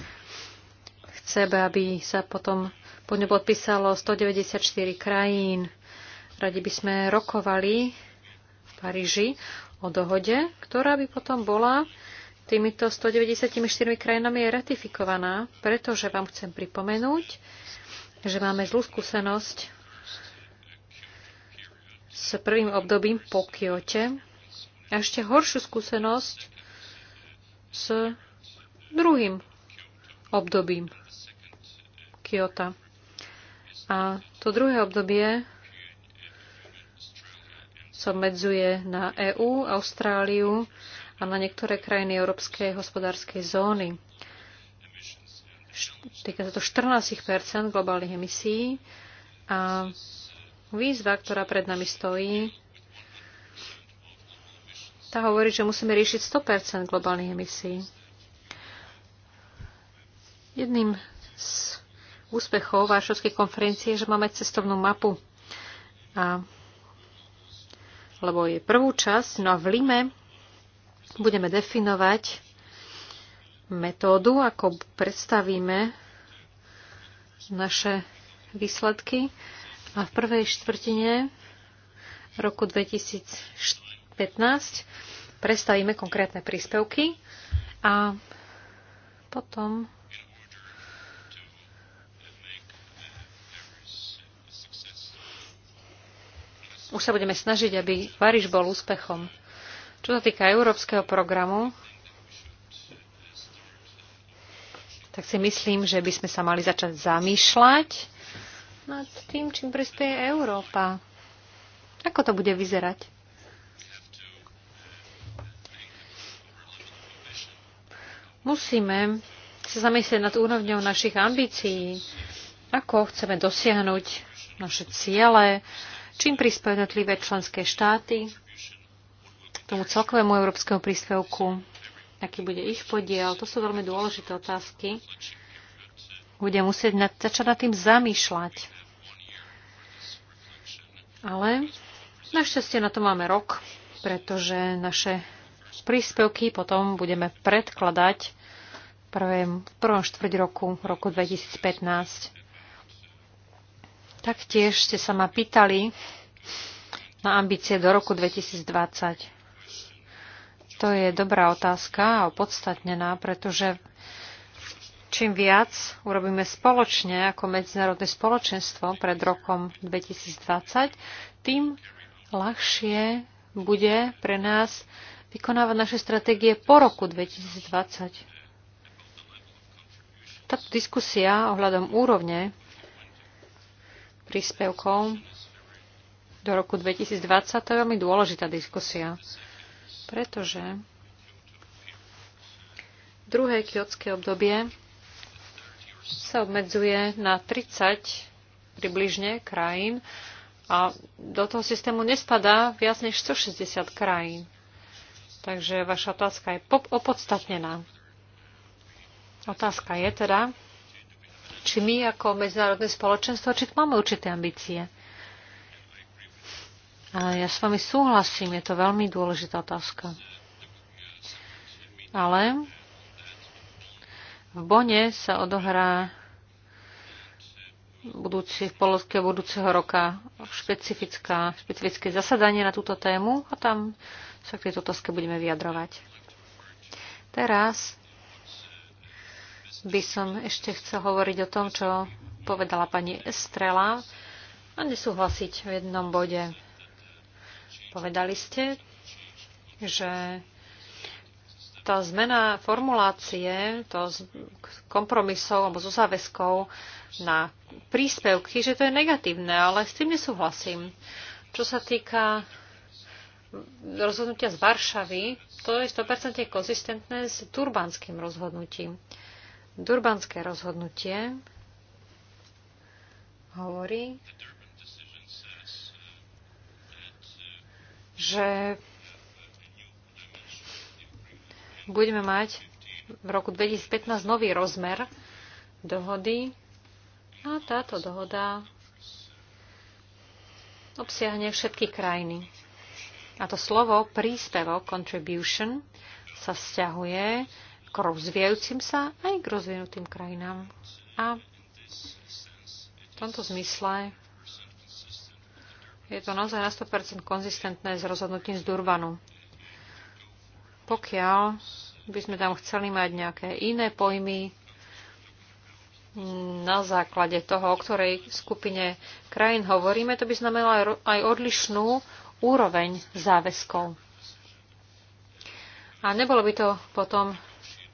chceme, aby sa potom po ňu podpísalo 194 krajín. Radi by sme rokovali v Paríži o dohode, ktorá by potom bola týmito 194 krajinami je ratifikovaná, pretože vám chcem pripomenúť, že máme zlú skúsenosť s prvým obdobím po Kyote a ešte horšiu skúsenosť s druhým obdobím Kyota. A to druhé obdobie sa medzuje na EÚ, Austráliu a na niektoré krajiny Európskej hospodárskej zóny. Týka sa to 14 globálnych emisí a výzva, ktorá pred nami stojí, tá hovorí, že musíme riešiť 100 globálnych emisí. Jedným úspechov Varšovskej konferencie, že máme cestovnú mapu. A, lebo je prvú časť, no a v Lime budeme definovať metódu, ako predstavíme naše výsledky. A v prvej štvrtine roku 2015 predstavíme konkrétne príspevky a potom už sa budeme snažiť, aby Paríž bol úspechom. Čo sa týka európskeho programu, tak si myslím, že by sme sa mali začať zamýšľať nad tým, čím prispieje Európa. Ako to bude vyzerať? Musíme sa zamyslieť nad úrovňou našich ambícií. Ako chceme dosiahnuť naše ciele, čím prispiejú jednotlivé členské štáty k tomu celkovému európskemu príspevku, aký bude ich podiel. To sú veľmi dôležité otázky. Bude musieť na, začať nad tým zamýšľať. Ale našťastie na to máme rok, pretože naše príspevky potom budeme predkladať v prvom, prvom štvrť roku, roku 2015. Taktiež ste sa ma pýtali na ambície do roku 2020. To je dobrá otázka a opodstatnená, pretože čím viac urobíme spoločne ako medzinárodné spoločenstvo pred rokom 2020, tým ľahšie bude pre nás vykonávať naše stratégie po roku 2020. Táto diskusia ohľadom úrovne príspevkov do roku 2020, to je veľmi dôležitá diskusia, pretože druhé kiotské obdobie sa obmedzuje na 30 približne krajín a do toho systému nespadá viac než 160 krajín. Takže vaša otázka je opodstatnená. Otázka je teda, či my ako medzinárodné spoločenstvo, či máme určité ambície. A ja s vami súhlasím, je to veľmi dôležitá otázka. Ale v Bone sa odohrá budúci, v polovke budúceho roka špecifická, špecifické zasadanie na túto tému a tam sa k tejto otázke budeme vyjadrovať. Teraz by som ešte chcel hovoriť o tom, čo povedala pani Estrela a nesúhlasiť v jednom bode. Povedali ste, že tá zmena formulácie, to z kompromisov alebo zo záväzkov na príspevky, že to je negatívne, ale s tým nesúhlasím. Čo sa týka rozhodnutia z Varšavy, to je 100% konzistentné s turbanským rozhodnutím. Durbanské rozhodnutie hovorí, že budeme mať v roku 2015 nový rozmer dohody a táto dohoda obsiahne všetky krajiny. A to slovo príspevok, contribution, sa vzťahuje k rozvíjajúcim sa aj k rozvinutým krajinám. A v tomto zmysle je to naozaj na 100% konzistentné s rozhodnutím z Durbanu. Pokiaľ by sme tam chceli mať nejaké iné pojmy na základe toho, o ktorej skupine krajín hovoríme, to by znamenalo aj odlišnú úroveň záväzkov. A nebolo by to potom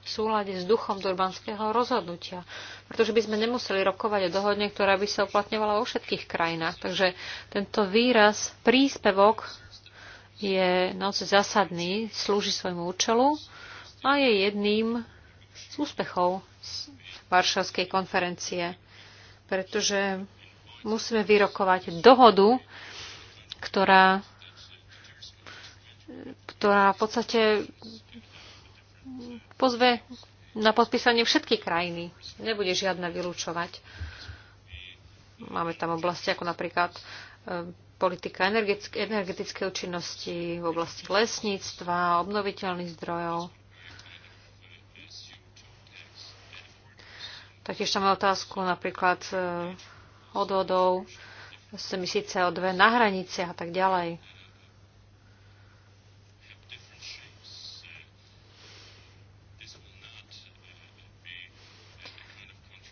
v súlade s duchom durbanského rozhodnutia, pretože by sme nemuseli rokovať o dohodne, ktorá by sa uplatňovala vo všetkých krajinách. Takže tento výraz príspevok je naozaj zásadný, slúži svojmu účelu a je jedným z úspechov Varšavskej konferencie, pretože musíme vyrokovať dohodu, ktorá, ktorá v podstate pozve na podpísanie všetky krajiny. Nebude žiadna vylúčovať. Máme tam oblasti ako napríklad ehm, politika energetickej účinnosti v oblasti lesníctva, obnoviteľných zdrojov. Taktiež tam máme otázku napríklad odhodov, ehm, odvodov, emisí CO2 na hranici a tak ďalej.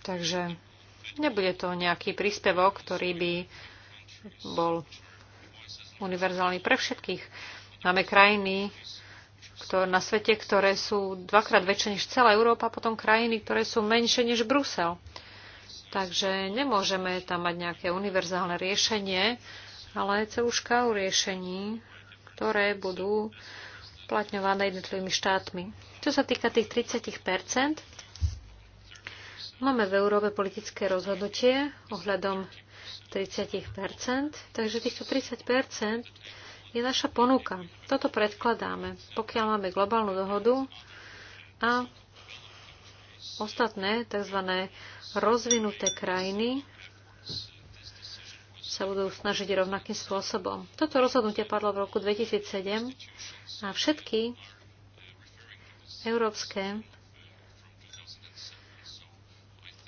Takže nebude to nejaký príspevok, ktorý by bol univerzálny pre všetkých. Máme krajiny ktoré, na svete, ktoré sú dvakrát väčšie než celá Európa, a potom krajiny, ktoré sú menšie než Brusel. Takže nemôžeme tam mať nejaké univerzálne riešenie, ale celú škálu riešení, ktoré budú uplatňované jednotlivými štátmi. Čo sa týka tých 30 Máme v Európe politické rozhodnutie ohľadom 30 takže týchto 30 je naša ponuka. Toto predkladáme, pokiaľ máme globálnu dohodu a ostatné tzv. rozvinuté krajiny sa budú snažiť rovnakým spôsobom. Toto rozhodnutie padlo v roku 2007 a všetky európske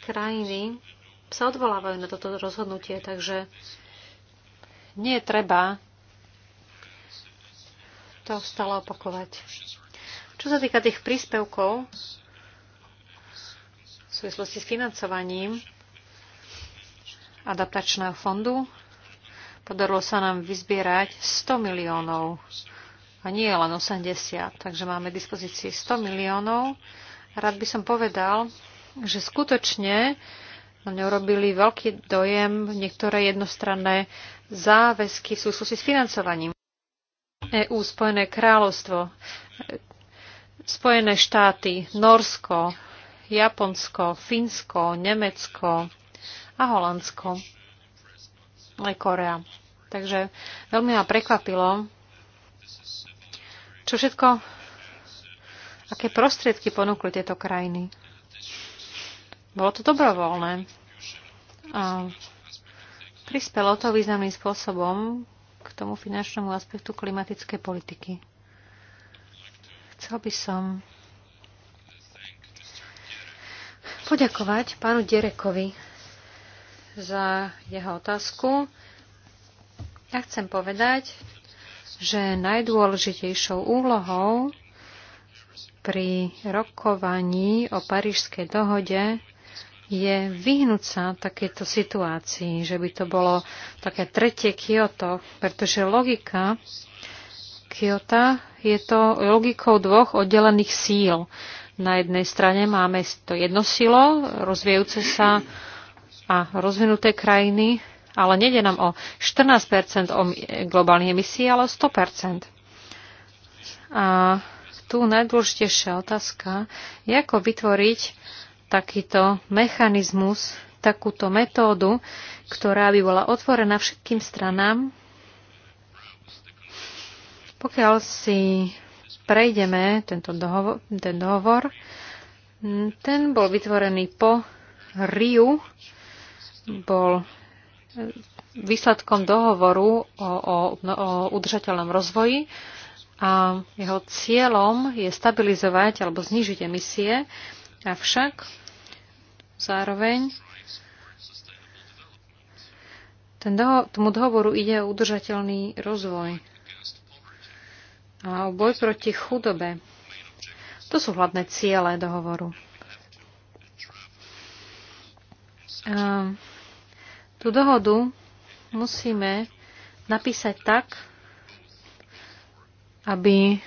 krajiny sa odvolávajú na toto rozhodnutie, takže nie je treba to stále opakovať. Čo sa týka tých príspevkov v súvislosti s financovaním adaptačného fondu, podarilo sa nám vyzbierať 100 miliónov a nie len 80, takže máme v dispozícii 100 miliónov. Rád by som povedal, že skutočne na mňa urobili veľký dojem niektoré jednostranné záväzky v súvislosti s financovaním. EU, Spojené kráľovstvo, Spojené štáty, Norsko, Japonsko, Fínsko, Nemecko a Holandsko, aj Korea. Takže veľmi ma prekvapilo, čo všetko, aké prostriedky ponúkli tieto krajiny. Bolo to dobrovoľné. A prispelo to významným spôsobom k tomu finančnému aspektu klimatickej politiky. Chcel by som poďakovať pánu Derekovi za jeho otázku. Ja chcem povedať, že najdôležitejšou úlohou pri rokovaní o Parížskej dohode je vyhnúť sa takéto situácii, že by to bolo také tretie Kyoto, pretože logika Kyoto je to logikou dvoch oddelených síl. Na jednej strane máme to jedno sílo rozvíjajúce sa a rozvinuté krajiny, ale nejde nám o 14 globálnych emisí, ale o 100 A tu najdôležitejšia otázka je, ako vytvoriť takýto mechanizmus, takúto metódu, ktorá by bola otvorená všetkým stranám. Pokiaľ si prejdeme tento dohovor, ten dohovor, ten bol vytvorený po Riu, bol výsledkom dohovoru o, o, o udržateľnom rozvoji a jeho cieľom je stabilizovať alebo znižiť emisie, avšak Zároveň ten doho- tomu dohovoru ide o udržateľný rozvoj a o boj proti chudobe. To sú hlavné ciele dohovoru. A tú dohodu musíme napísať tak, aby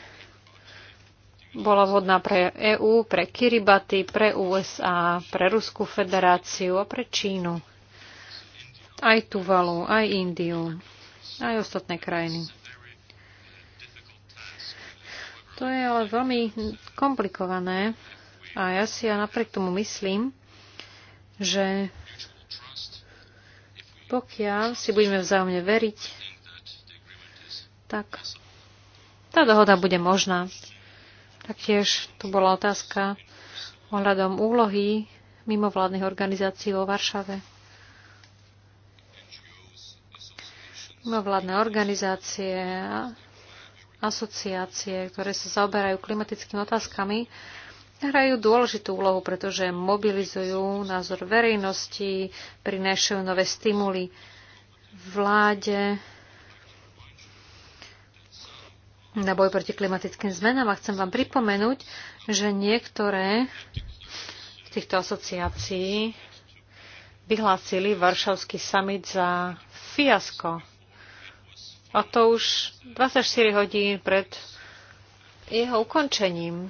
bola vhodná pre EÚ, pre Kiribati, pre USA, pre Ruskú federáciu a pre Čínu. Aj Tuvalu, aj Indiu, aj ostatné krajiny. To je ale veľmi komplikované a ja si ja napriek tomu myslím, že pokiaľ si budeme vzájomne veriť, tak tá dohoda bude možná. Taktiež tu bola otázka ohľadom úlohy mimovládnych organizácií vo Varšave. Mimovládne organizácie a asociácie, ktoré sa zaoberajú klimatickými otázkami, hrajú dôležitú úlohu, pretože mobilizujú názor verejnosti, prinášajú nové stimuly vláde, na boj proti klimatickým zmenám a chcem vám pripomenúť, že niektoré z týchto asociácií vyhlásili Varšavský summit za fiasko. A to už 24 hodín pred jeho ukončením.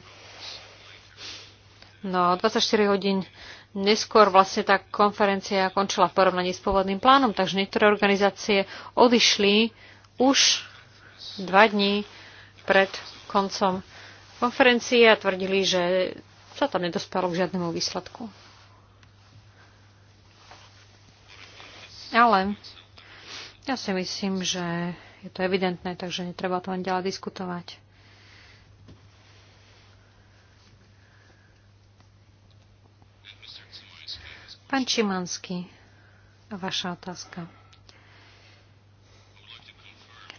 No, 24 hodín neskôr vlastne tá konferencia končila v porovnaní s pôvodným plánom, takže niektoré organizácie odišli už dva dní pred koncom konferencie a tvrdili, že sa tam nedospelo k žiadnemu výsledku. Ale ja si myslím, že je to evidentné, takže netreba to len ďalej diskutovať. Pán Čimanský, vaša otázka.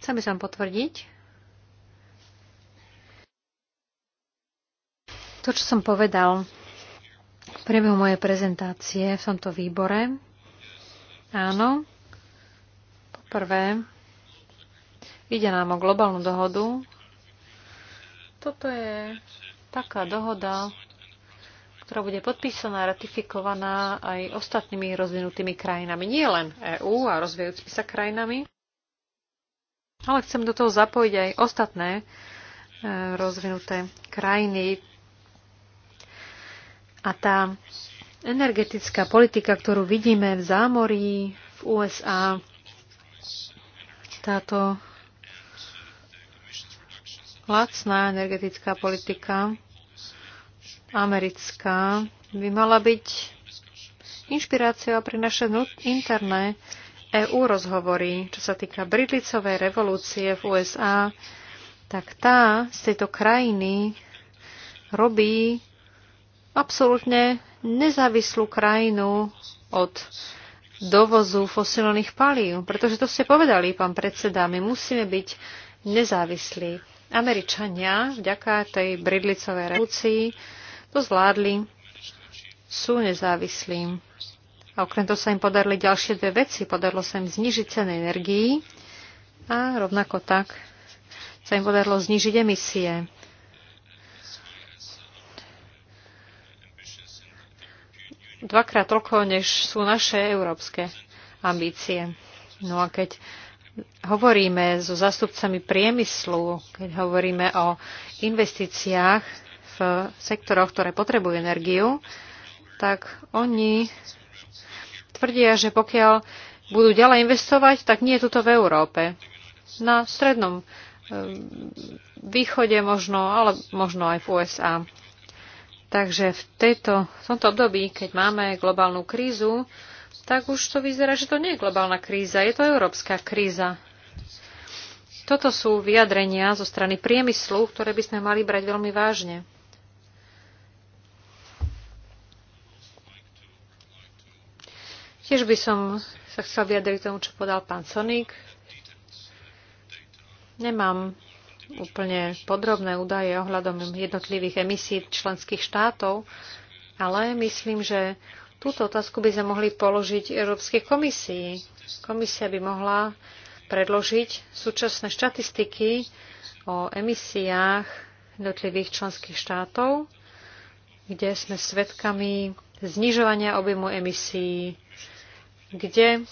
Chcem by som potvrdiť, To, čo som povedal v priebehu mojej prezentácie v tomto výbore, áno, poprvé, ide nám o globálnu dohodu. Toto je taká dohoda, ktorá bude podpísaná, ratifikovaná aj ostatnými rozvinutými krajinami. Nie len EÚ a rozvíjajúcimi sa krajinami, ale chcem do toho zapojiť aj ostatné e, rozvinuté krajiny. A tá energetická politika, ktorú vidíme v zámorí v USA, táto lacná energetická politika americká by mala byť inšpiráciou pre naše interné EU rozhovory, čo sa týka bridlicovej revolúcie v USA, tak tá z tejto krajiny robí absolútne nezávislú krajinu od dovozu fosilných palív. Pretože to ste povedali, pán predseda, my musíme byť nezávislí. Američania vďaka tej bridlicovej revolúcii to zvládli, sú nezávislí. A okrem toho sa im podarili ďalšie dve veci. Podarilo sa im znižiť ceny energií a rovnako tak sa im podarilo znižiť emisie. dvakrát toľko, než sú naše európske ambície. No a keď hovoríme so zastupcami priemyslu, keď hovoríme o investíciách v sektoroch, ktoré potrebujú energiu, tak oni tvrdia, že pokiaľ budú ďalej investovať, tak nie je tuto v Európe. Na strednom ehm, východe možno, ale možno aj v USA. Takže v, tejto, v tomto období, keď máme globálnu krízu, tak už to vyzerá, že to nie je globálna kríza, je to európska kríza. Toto sú vyjadrenia zo strany priemyslu, ktoré by sme mali brať veľmi vážne. Tiež by som sa chcel vyjadriť tomu, čo podal pán Sonik. Nemám úplne podrobné údaje ohľadom jednotlivých emisí členských štátov, ale myslím, že túto otázku by sme mohli položiť Európskej komisii. Komisia by mohla predložiť súčasné štatistiky o emisiách jednotlivých členských štátov, kde sme svedkami znižovania objemu emisí, kde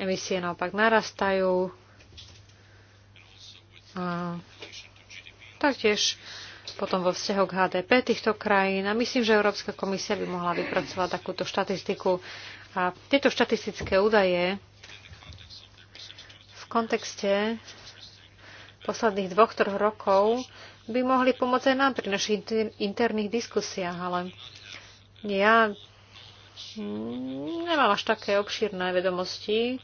emisie naopak narastajú. A taktiež potom vo vzťahu k HDP týchto krajín. A myslím, že Európska komisia by mohla vypracovať takúto štatistiku. A tieto štatistické údaje v kontexte posledných dvoch, troch rokov by mohli pomôcť aj nám pri našich interných diskusiách, ale ja nemám až také obšírne vedomosti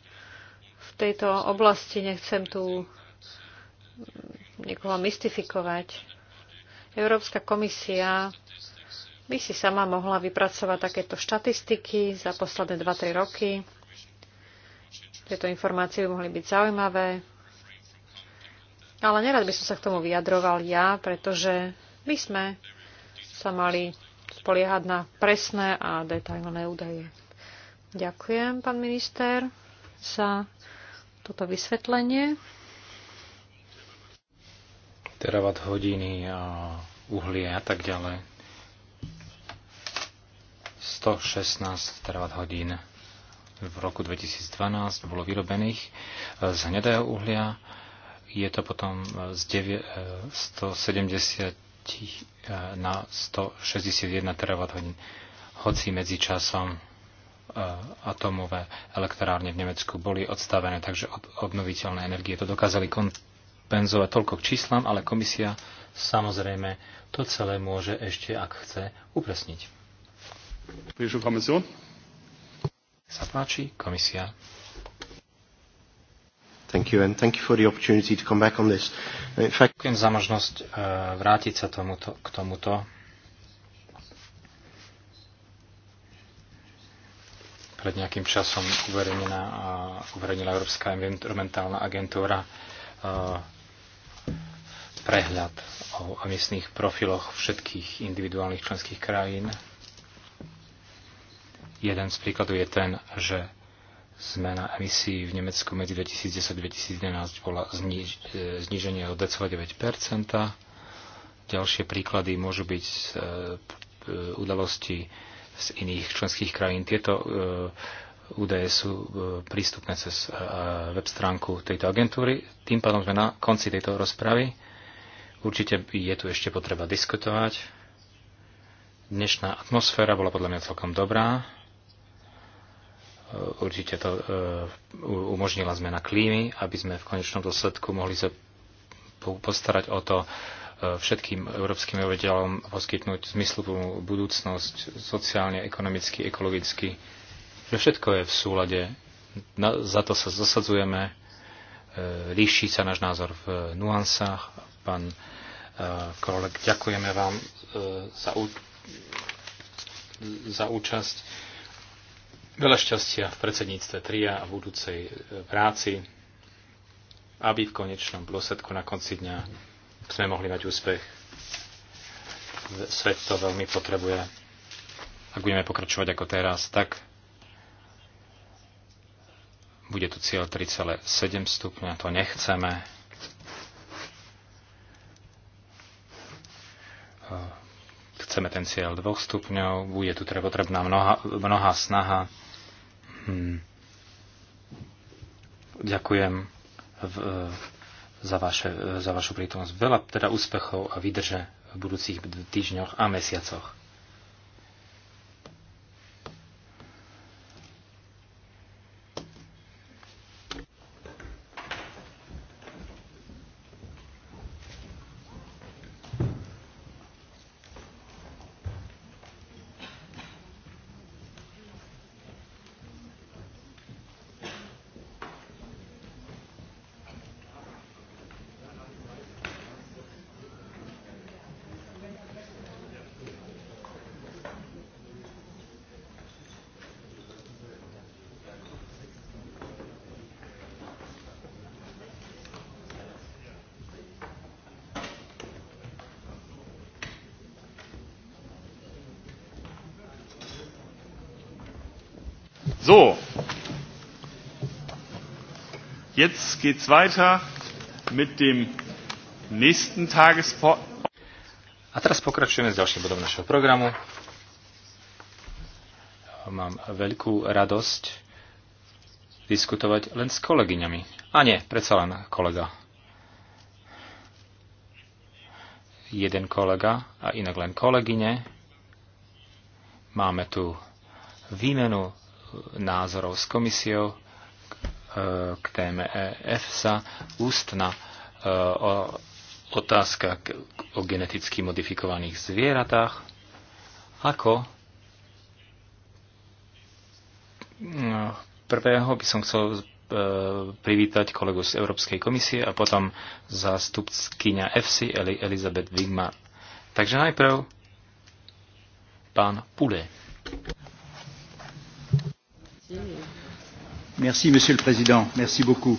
v tejto oblasti. Nechcem tu niekoho mystifikovať. Európska komisia by si sama mohla vypracovať takéto štatistiky za posledné 2-3 roky. Tieto informácie by mohli byť zaujímavé. Ale nerad by som sa k tomu vyjadroval ja, pretože my sme sa mali spoliehať na presné a detailné údaje. Ďakujem, pán minister, za toto vysvetlenie terawatt hodiny a uhlie a tak ďalej. 116 terawatt hodín v roku 2012 bolo vyrobených e, z hnedého uhlia. Je to potom e, z 170 e, na 161 terawatt hodín. Hoci medzi časom atomové elektrárne v Nemecku boli odstavené, takže obnoviteľné energie to dokázali penzovať toľko k číslam, ale komisia samozrejme to celé môže ešte, ak chce, upresniť. Sa páči, komisia. Thank you and thank you for the opportunity to come back on this. In fact... Ďakujem za možnosť uh, vrátiť sa tomuto, k tomuto. Pred nejakým časom uverejnila, uh, eh, uverejnila Európska environmentálna agentúra uh, prehľad o emisných profiloch všetkých individuálnych členských krajín. Jeden z príkladov je ten, že zmena emisí v Nemecku medzi 2010 a 2011 bola zniž, e, zniženie o 2,9 Ďalšie príklady môžu byť e, e, udalosti z iných členských krajín. Tieto údaje sú prístupné cez web stránku tejto agentúry. Tým pádom sme na konci tejto rozpravy. Určite je tu ešte potreba diskutovať. Dnešná atmosféra bola podľa mňa celkom dobrá. E, určite to e, umožnila zmena klímy, aby sme v konečnom dôsledku mohli sa postarať o to e, všetkým európskym obyvateľom poskytnúť zmysluplnú budúcnosť sociálne, ekonomicky, ekologicky, že všetko je v súlade. Na, za to sa zasadzujeme, líši sa náš názor v nuansách, pán e, Krolek, Ďakujeme vám e, za, ú... za účasť. Veľa šťastia v predsedníctve TRIA a v budúcej e, práci, aby v konečnom dôsledku na konci dňa sme mohli mať úspech. Svet to veľmi potrebuje. Ak budeme pokračovať ako teraz, tak bude tu cieľ 3,7 stupňa, to nechceme. Chceme ten cieľ dvoch stupňov, bude tu teda potrebná mnoha, mnoha snaha. Hm. Ďakujem v, za, vaše, za vašu prítomnosť. Veľa teda úspechov a vydrže v budúcich týždňoch a mesiacoch. Jetzt geht's weiter mit dem nächsten Tagespunkt. A teraz pokračujeme s ďalším bodom našeho programu. Mám veľkú radosť diskutovať len s kolegyňami. A nie, predsa len kolega. Jeden kolega a inak len kolegyne. Máme tu výmenu názorov s komisiou k téme EFSA ústna eh, otázka o geneticky modifikovaných zvieratách, ako eh, prvého by som chcel eh, privítať kolegu z Európskej komisie a potom zástupkyňa EFSI Elizabeth Wigman. Takže najprv pán Pule. Monsieur le Président. Merci beaucoup.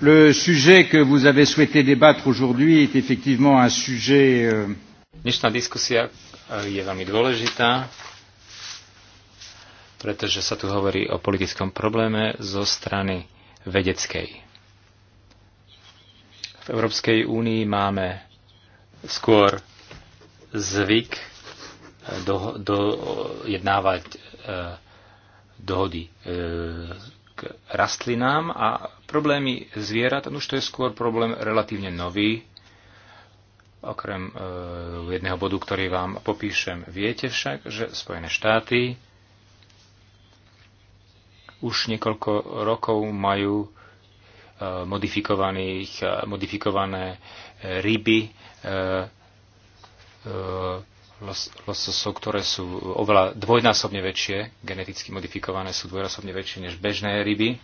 Le sujet que vous avez souhaité débattre aujourd'hui est effectivement un sujet. Euh, Dnešná diskusia euh, je veľmi dôležitá, pretože sa tu hovorí o politickom probléme zo strany vedeckej. V Európskej únii máme skôr zvyk dojednávať eh, do, do eh, jednávať, e, dohody e, k rastlinám a problémy zvierat, no už to je skôr problém relatívne nový, okrem e, jedného bodu, ktorý vám popíšem. Viete však, že Spojené štáty už niekoľko rokov majú e, modifikovaných, modifikované ryby los, lososov, ktoré sú oveľa dvojnásobne väčšie, geneticky modifikované sú dvojnásobne väčšie než bežné ryby.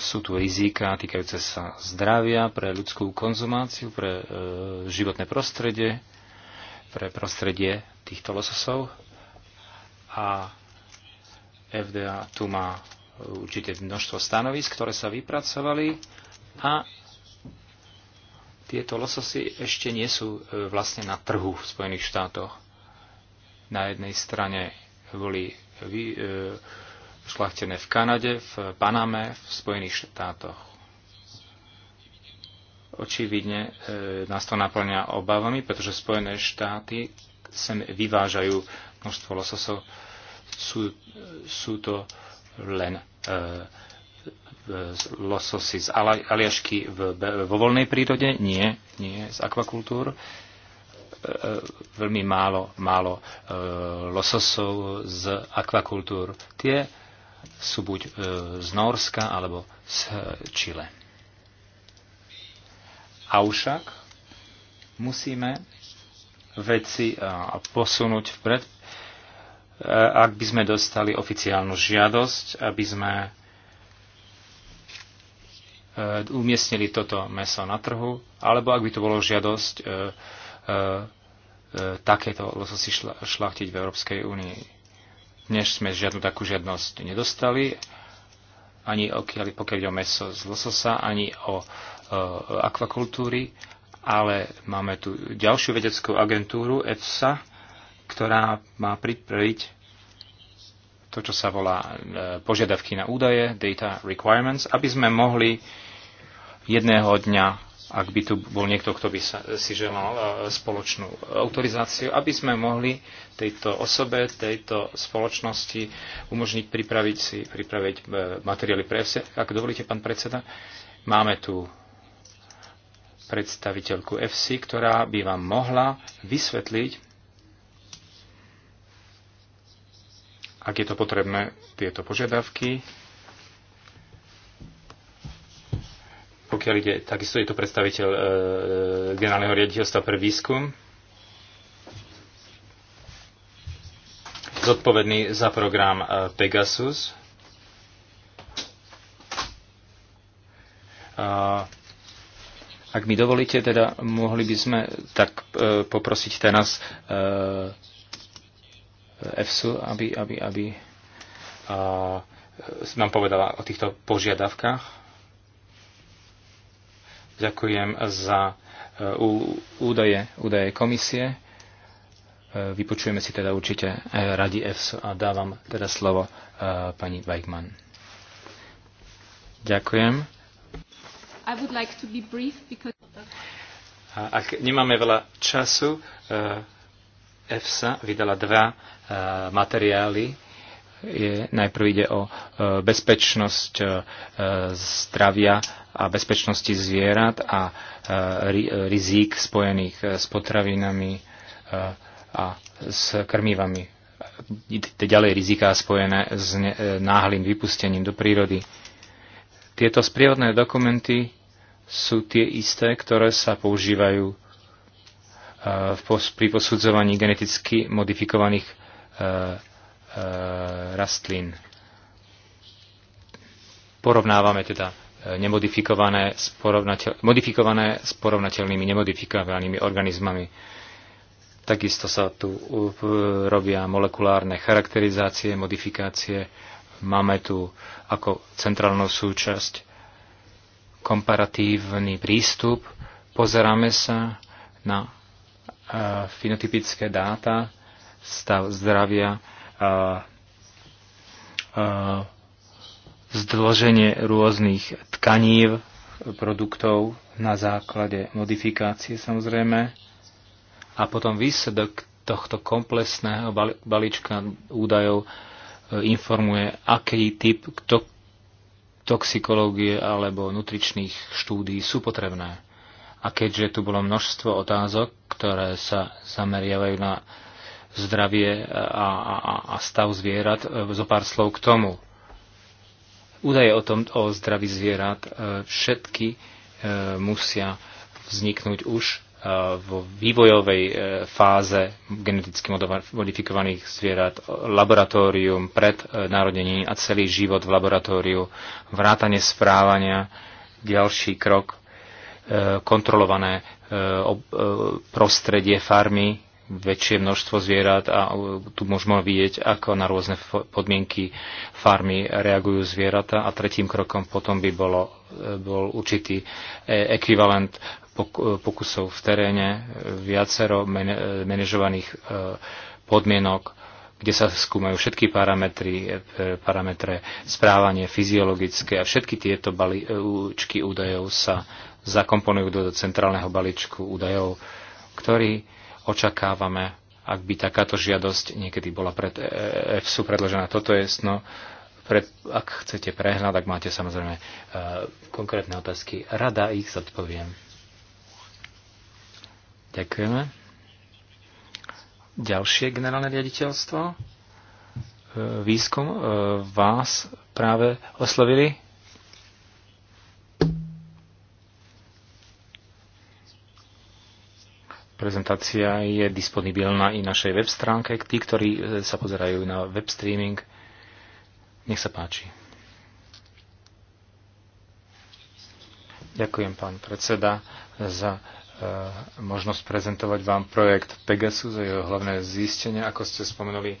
Sú tu rizika týkajúce sa zdravia pre ľudskú konzumáciu, pre e, životné prostredie, pre prostredie týchto lososov. A FDA tu má určite množstvo stanovisk, ktoré sa vypracovali a tieto lososy ešte nie sú e, vlastne na trhu v Spojených štátoch. Na jednej strane boli vy, e, šlachtené v Kanade, v Paname, v Spojených štátoch. Očividne e, nás to naplňa obavami, pretože Spojené štáty sem vyvážajú množstvo lososov. Sú, e, sú to len e, lososy z aliašky vo voľnej prírode, nie, nie z akvakultúr. E, e, veľmi málo, málo e, lososov z akvakultúr. Tie sú buď z Norska alebo z Čile. Avšak musíme veci posunúť vpred, ak by sme dostali oficiálnu žiadosť, aby sme E, umiestnili toto meso na trhu, alebo ak by to bolo žiadosť e, e, e takéto lososy šlachtiť v Európskej únii. Dnes sme žiadnu takú žiadnosť nedostali, ani okiaľ, pokiaľ ide o meso z lososa, ani o e, akvakultúry, ale máme tu ďalšiu vedeckú agentúru EFSA, ktorá má pripraviť to, čo sa volá e, požiadavky na údaje, data requirements, aby sme mohli jedného dňa, ak by tu bol niekto, kto by sa, si želal e, spoločnú autorizáciu, aby sme mohli tejto osobe, tejto spoločnosti umožniť pripraviť si, pripraviť e, materiály pre EFSE. Ak dovolíte, pán predseda, máme tu predstaviteľku FC, ktorá by vám mohla vysvetliť, ak je to potrebné, tieto požiadavky, Pokiaľ ide, takisto je tu predstaviteľ e, e, generálneho riaditeľstva pre výskum, zodpovedný za program e, Pegasus. E, ak mi dovolíte, teda mohli by sme tak e, poprosiť teraz e, EFSU, aby, aby, aby a, e, nám povedala o týchto požiadavkách. Ďakujem za e, údaje, údaje komisie. E, vypočujeme si teda určite e, radi EFSO a dávam teda slovo pani Weigman. Ďakujem. I would like to be brief because... Ak nemáme veľa času, EFSA vydala dva materiály je, najprv ide o e, bezpečnosť e, zdravia a bezpečnosti zvierat a e, rizík spojených s potravinami a s krmivami. Ďalej riziká spojené s náhlým vypustením do prírody. Tieto sprievodné dokumenty sú tie isté, ktoré sa používajú pri posudzovaní geneticky modifikovaných Eh, rastlín. Porovnávame teda eh, nemodifikované s porovnateľ, modifikované s porovnateľnými nemodifikovanými organizmami. Takisto sa tu robia molekulárne charakterizácie, modifikácie. Máme tu ako centrálnu súčasť komparatívny prístup. Pozeráme sa na eh, fenotypické dáta, stav zdravia, a, a zdloženie rôznych tkanív, produktov na základe modifikácie samozrejme. A potom výsledok tohto komplexného balíčka údajov e, informuje, aký typ to toxikológie alebo nutričných štúdí sú potrebné. A keďže tu bolo množstvo otázok, ktoré sa zameriavajú na zdravie a, a, a stav zvierat, e, zo pár slov k tomu. Údaje o, tom, o zdraví zvierat e, všetky e, musia vzniknúť už v vývojovej fáze geneticky modifikovaných zvierat, laboratórium pred narodením a celý život v laboratóriu, vrátanie správania, ďalší krok, kontrolované prostredie farmy, väčšie množstvo zvierat a uh, tu môžeme vidieť, ako na rôzne podmienky farmy reagujú zvieratá a tretím krokom potom by bolo, eh, bol určitý eh, ekvivalent eh, pokusov v teréne, viacero manažovaných podmienok, kde sa skúmajú všetky parametry, parametre správanie fyziologické a všetky tieto balíčky údajov sa zakomponujú do centrálneho balíčku údajov, ktorý očakávame, ak by takáto žiadosť niekedy bola pred e- e- EFSU predložená. Toto je sno. Pred, ak chcete prehľad, ak máte samozrejme e, konkrétne otázky, rada ich zodpoviem. Ďakujeme. Ďalšie generálne riaditeľstvo. E, výskum e, vás práve oslovili. Prezentácia je disponibilná i našej web stránke. Tí, ktorí e, sa pozerajú na web streaming, nech sa páči. Ďakujem, pán predseda, za e, možnosť prezentovať vám projekt Pegasus a jeho hlavné zistenia. Ako ste spomenuli, e,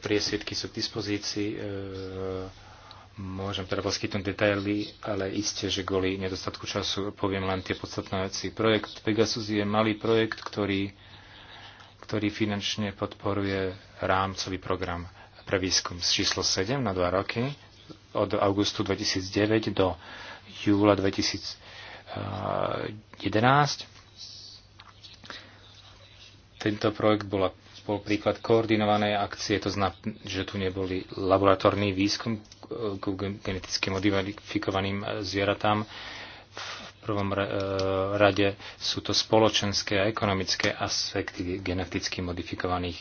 priesvitky sú k dispozícii Môžem teda poskytnúť detaily, ale iste, že kvôli nedostatku času poviem len tie podstatné veci. Projekt Pegasus je malý projekt, ktorý, ktorý finančne podporuje rámcový program pre výskum z číslo 7 na 2 roky od augustu 2009 do júla 2011. Eh, Tento projekt bola bol príklad koordinovanej akcie, to znamená, že tu neboli laboratórny výskum k geneticky modifikovaným e, zvieratám. V prvom e, rade sú to spoločenské a ekonomické aspekty geneticky modifikovaných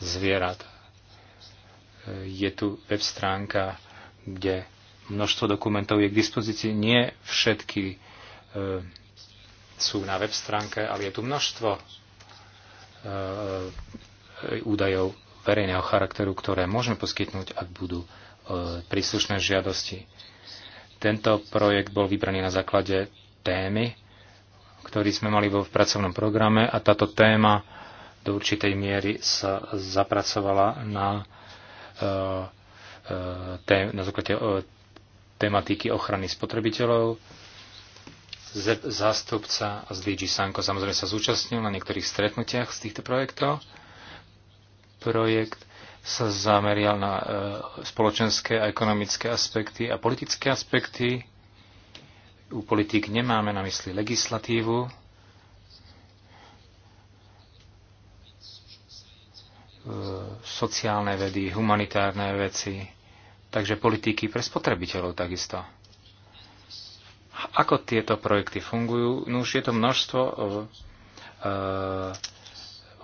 zvierat. E, je tu web stránka, kde množstvo dokumentov je k dispozícii. Nie všetky sú na web stránke, ale je tu množstvo údajov verejného charakteru, ktoré môžeme poskytnúť, ak budú e, príslušné žiadosti. Tento projekt bol vybraný na základe témy, ktorý sme mali vo pracovnom programe a táto téma do určitej miery sa zapracovala na, e, e, na základe tematiky ochrany spotrebiteľov. Zástupca z DG Sanko samozrejme sa zúčastnil na niektorých stretnutiach z týchto projektov projekt sa zameria na e, spoločenské a ekonomické aspekty a politické aspekty. U politik nemáme na mysli legislatívu. E, sociálne vedy, humanitárne veci, takže politiky pre spotrebiteľov takisto. Ako tieto projekty fungujú? No už je to množstvo uh, uh,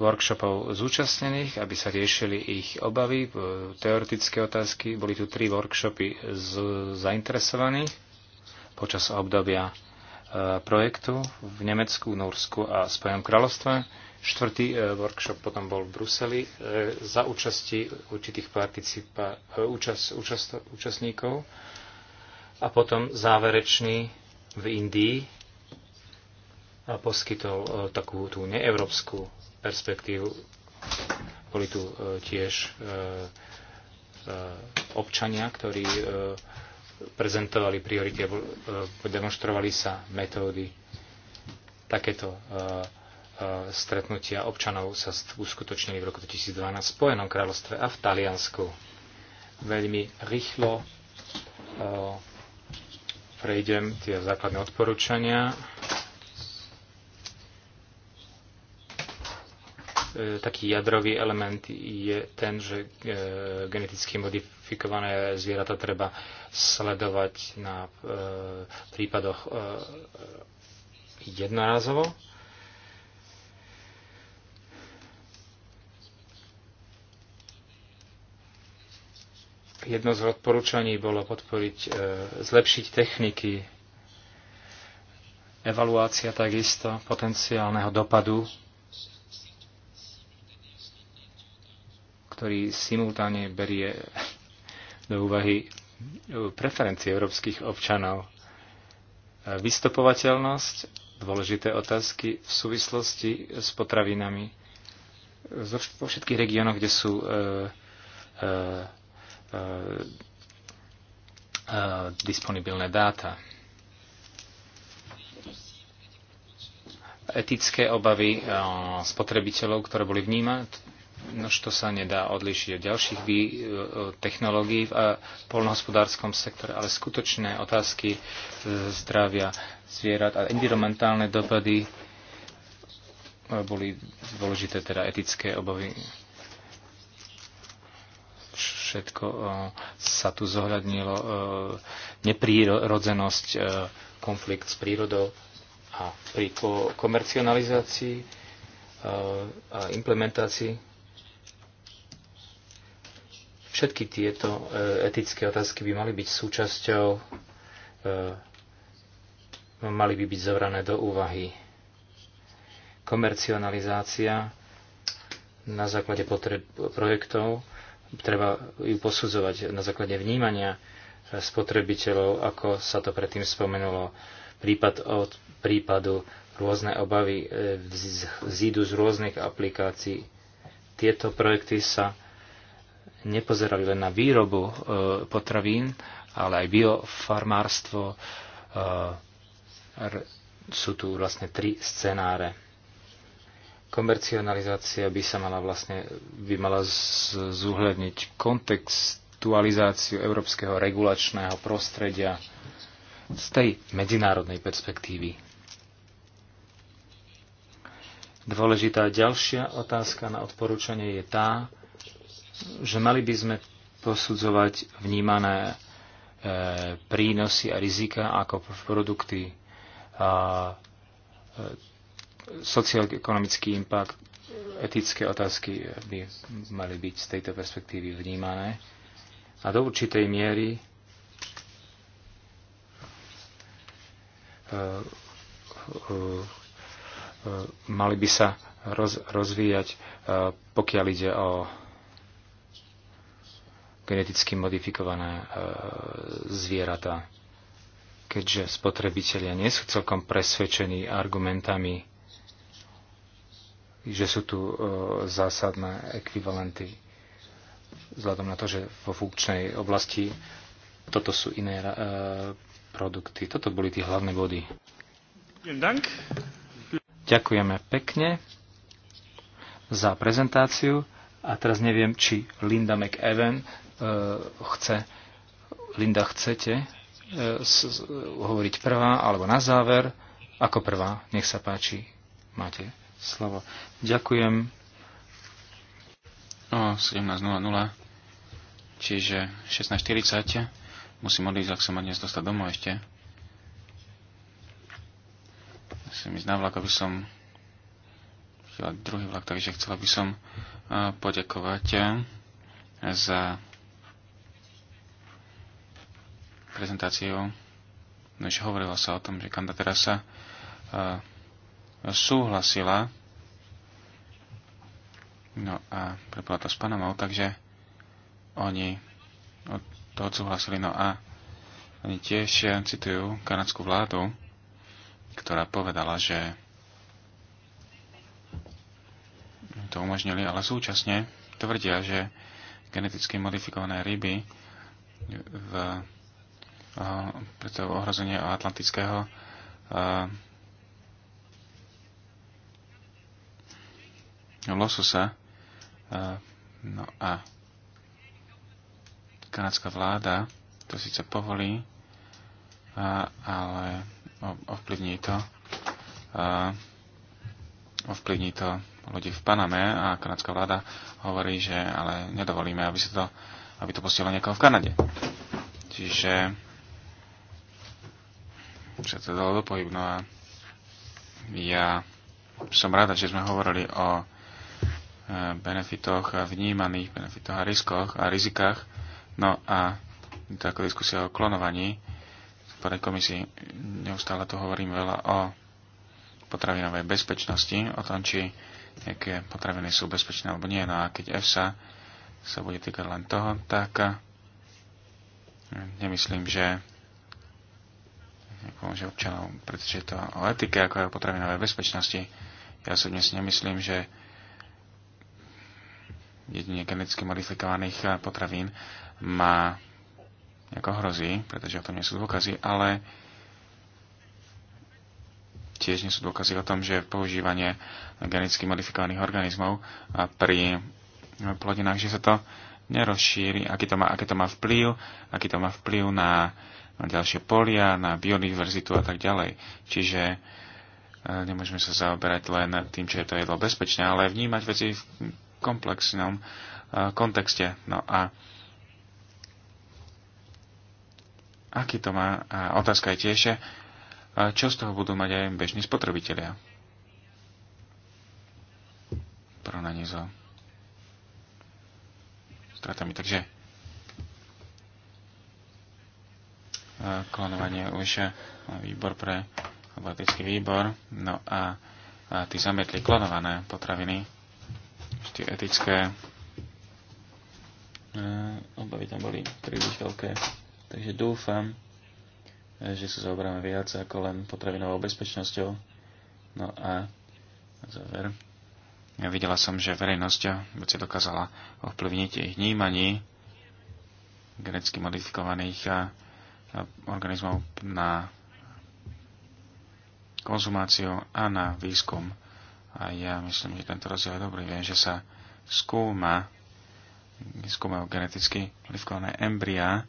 workshopov zúčastnených, aby sa riešili ich obavy, e, teoretické otázky. Boli tu tri workshopy z zainteresovaných počas obdobia e, projektu v Nemecku, Norsku a Spojenom kráľovstve. Štvrtý e, workshop potom bol v Bruseli za účasti určitých participa- účast, účast, účastníkov a potom záverečný v Indii a poskytol takú tú neeurópsku perspektív. Boli tu e, tiež e, e, občania, ktorí prezentovali priority a demonstrovali sa metódy. Takéto stretnutia občanov sa uskutočnili v roku 2012 v Spojenom kráľovstve a v Taliansku. Veľmi rýchlo prejdem tie základné odporúčania. E, taký jadrový element je ten, že e, geneticky modifikované zvieratá treba sledovať na e, prípadoch jednorázovo. Jedno z odporúčaní bolo podporiť, zlepšiť techniky, evaluácia takisto potenciálneho dopadu ktorý simultáne berie do úvahy preferencie európskych občanov. Vystopovateľnosť, dôležité otázky v súvislosti s potravinami vo všetkých regiónoch, kde sú e, e, e, e, disponibilné dáta. Etické obavy e, spotrebiteľov, ktoré boli vnímané, Nož to sa nedá odlišiť od ďalších by, e, technológií v e, polnohospodárskom sektore, ale skutočné otázky e, zdravia zvierat a environmentálne dopady boli dôležité teda etické obavy. Všetko sa tu zohľadnilo neprírodzenosť, konflikt s prírodou a pri komercionalizácii a implementácii Všetky tieto e, etické otázky by mali byť súčasťou, e, mali by byť zobrané do úvahy. Komercionalizácia na základe potreb projektov, treba ju posudzovať na základe vnímania spotrebiteľov, ako sa to predtým spomenulo, prípad od prípadu, rôzne obavy e, zídu z rôznych aplikácií. Tieto projekty sa nepozerali len na výrobu e, potravín, ale aj biofarmárstvo. E, sú tu vlastne tri scenáre. Komercionalizácia by sa mala vlastne by mala zúhľadniť kontextualizáciu európskeho regulačného prostredia z tej medzinárodnej perspektívy. Dôležitá ďalšia otázka na odporúčanie je tá, že mali by sme posudzovať vnímané e, prínosy a rizika ako produkty a e, socioekonomický impact, etické otázky by mali byť z tejto perspektívy vnímané a do určitej miery e, mali by sa rozvíjať, pokiaľ ide o geneticky modifikované e, zvieratá. Keďže spotrebitelia nie sú celkom presvedčení argumentami, že sú tu e, zásadné ekvivalenty, vzhľadom na to, že vo funkčnej oblasti toto sú iné e, produkty. Toto boli tie hlavné body. Ďakujeme pekne za prezentáciu. A teraz neviem, či Linda McEwen e, chce, Linda, chcete e, s, hovoriť prvá alebo na záver? Ako prvá, nech sa páči, máte slovo. Ďakujem. No, 17.00, čiže 16.40. Musím odísť, ak sa ma dnes dostať domov ešte. Musím ísť na vlak, aby som chyla druhý vlak, takže chcela by som poďakovať za prezentáciu. Už no, hovorilo sa o tom, že Kanda teraz sa súhlasila no a prepovedala to s Panamou, takže oni to odsúhlasili. No a oni tiež e, citujú kanadskú vládu, ktorá povedala, že to umožnili, ale súčasne tvrdia, že geneticky modifikované ryby v eh, preto ohrozenie atlantického eh, lososa. Eh, no a kanadská vláda to síce povolí, ale ovplyvní to ovplyvní to ľudí v Paname a kanadská vláda hovorí, že ale nedovolíme, aby, sa to, aby to postihlo niekoho v Kanade. Čiže sa to dalo do pohybu. No a ja som rada, že sme hovorili o e, benefitoch a vnímaných benefitoch a riskoch a rizikách. No a to ako diskusia o klonovaní podľa komisii neustále tu hovorím veľa o potravinovej bezpečnosti, o tom, či nejaké potraviny sú bezpečné alebo nie. No a keď EFSA sa bude týkať len toho, tak eh, nemyslím, že nepomôže občanov, pretože je to o etike, ako aj o potravinovej bezpečnosti. Ja sa dnes nemyslím, že jedine geneticky modifikovaných eh, potravín má ako hrozí, pretože o tom nie sú dôkazy, ale tiež nie sú dôkazy o tom, že používanie geneticky modifikovaných organizmov pri plodinách, že sa to nerozšíri, aký to má, aké to má vplyv, aký to má vplyv na, na ďalšie polia, na biodiverzitu a tak ďalej. Čiže e, nemôžeme sa zaoberať len tým, čo je to jedlo bezpečné, ale vnímať veci v komplexnom e, kontexte. No a aký to má, a otázka je tiež, a čo z toho budú mať aj bežní spotrebitelia. Porovnanie so stratami. Takže e, klonovanie už výbor pre oblatický výbor. No a, a tí zametli klonované potraviny, tie etické e, obavy tam boli príliš veľké. Takže dúfam, E, že sa zaoberáme viac ako len potravinovou bezpečnosťou. No a na záver. Ja videla som, že verejnosť si dokázala ovplyvniť ich vnímaní geneticky modifikovaných e, organizmov na konzumáciu a na výskum. A ja myslím, že tento rozdiel je dobrý. Viem, že sa skúma, skúmajú geneticky modifikované embriá,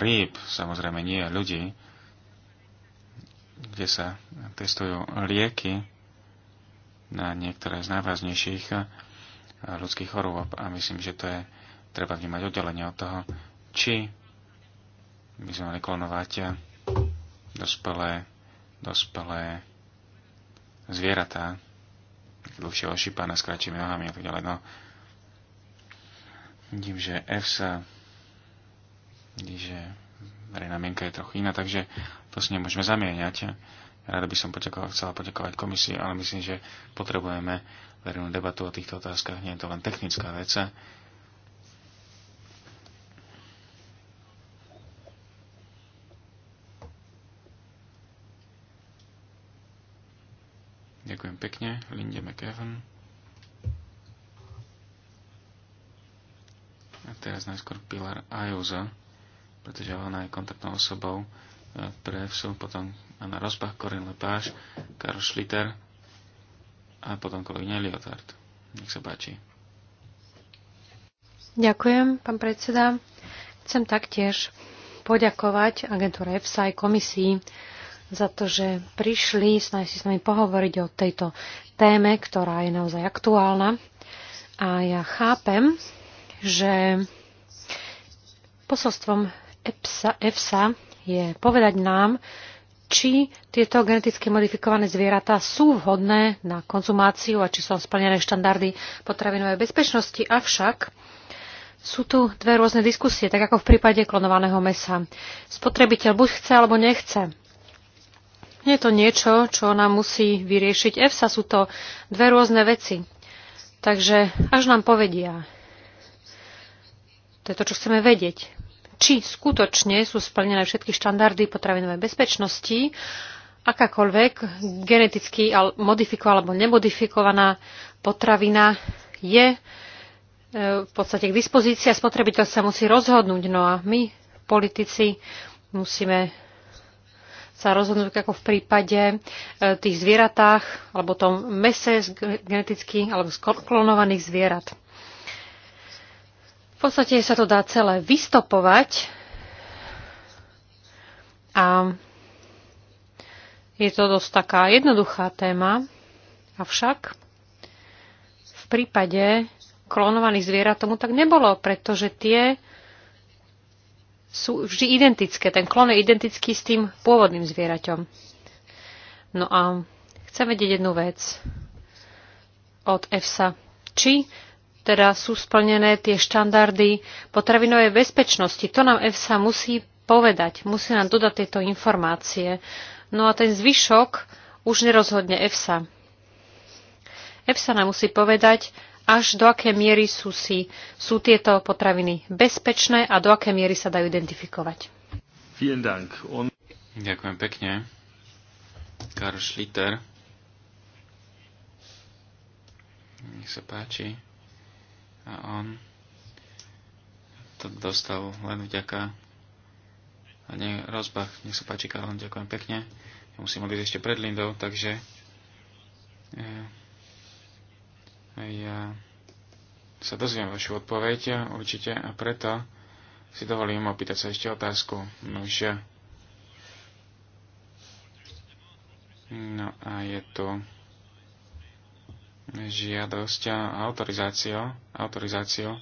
rýb, samozrejme nie ľudí, kde sa testujú lieky na niektoré z najvážnejších ľudských chorôb. A myslím, že to je treba vnímať oddelenie od toho, či by sme mali klonovať dospelé, dospelé zvieratá, dlhšie ošípané s kratšími nohami a tak ďalej. No, vidím, že F sa že verejná mienka je trochu iná, takže to si nemôžeme zamieňať. Rada by som poďakoval, chcela poďakovať komisii, ale myslím, že potrebujeme verejnú debatu o týchto otázkach. Nie je to len technická vec. Ďakujem pekne, Linde McEvan. A teraz najskôr Pilar Ajoza pretože ona je kontaktnou osobou e, pre FSU, potom Anna Rozbach, Corinne Lepage, Karl Schlitter a potom kolegyňa Liotard. Nech sa páči. Ďakujem, pán predseda. Chcem taktiež poďakovať agentúre EFSA aj komisii za to, že prišli snažiť si s nami pohovoriť o tejto téme, ktorá je naozaj aktuálna. A ja chápem, že posolstvom EFSA je povedať nám, či tieto geneticky modifikované zvieratá sú vhodné na konzumáciu a či sú splnené štandardy potravinovej bezpečnosti. Avšak sú tu dve rôzne diskusie, tak ako v prípade klonovaného mesa. Spotrebiteľ buď chce alebo nechce. je to niečo, čo nám musí vyriešiť EFSA, sú to dve rôzne veci. Takže až nám povedia, to je to, čo chceme vedieť či skutočne sú splnené všetky štandardy potravinovej bezpečnosti, akákoľvek geneticky modifikovaná alebo nemodifikovaná potravina je e, v podstate k dispozícii a spotrebiteľ sa musí rozhodnúť. No a my, politici, musíme sa rozhodnúť ako v prípade e, tých zvieratách alebo tom mese z geneticky alebo z klonovaných zvierat. V podstate sa to dá celé vystopovať a je to dosť taká jednoduchá téma, avšak v prípade klonovaných zvierat tomu tak nebolo, pretože tie sú vždy identické. Ten klon je identický s tým pôvodným zvieraťom. No a chcem vedieť jednu vec od EFSA. Či teda sú splnené tie štandardy potravinovej bezpečnosti. To nám EFSA musí povedať, musí nám dodať tieto informácie. No a ten zvyšok už nerozhodne EFSA. EFSA nám musí povedať, až do aké miery sú, si, sú tieto potraviny bezpečné a do aké miery sa dajú identifikovať. Ďakujem pekne. Karl Schlitter. Nech sa páči. A on to dostal len vďaka a nie rozbach. Nech sa páči, Karol, ďakujem pekne. Ja musím odísť ešte pred Lindou, takže ja, eh, ja sa dozviem vašu odpoveď eh, určite a preto si dovolím opýtať sa ešte otázku. Nože, no a je tu žiadosť a autorizácia autorizáciu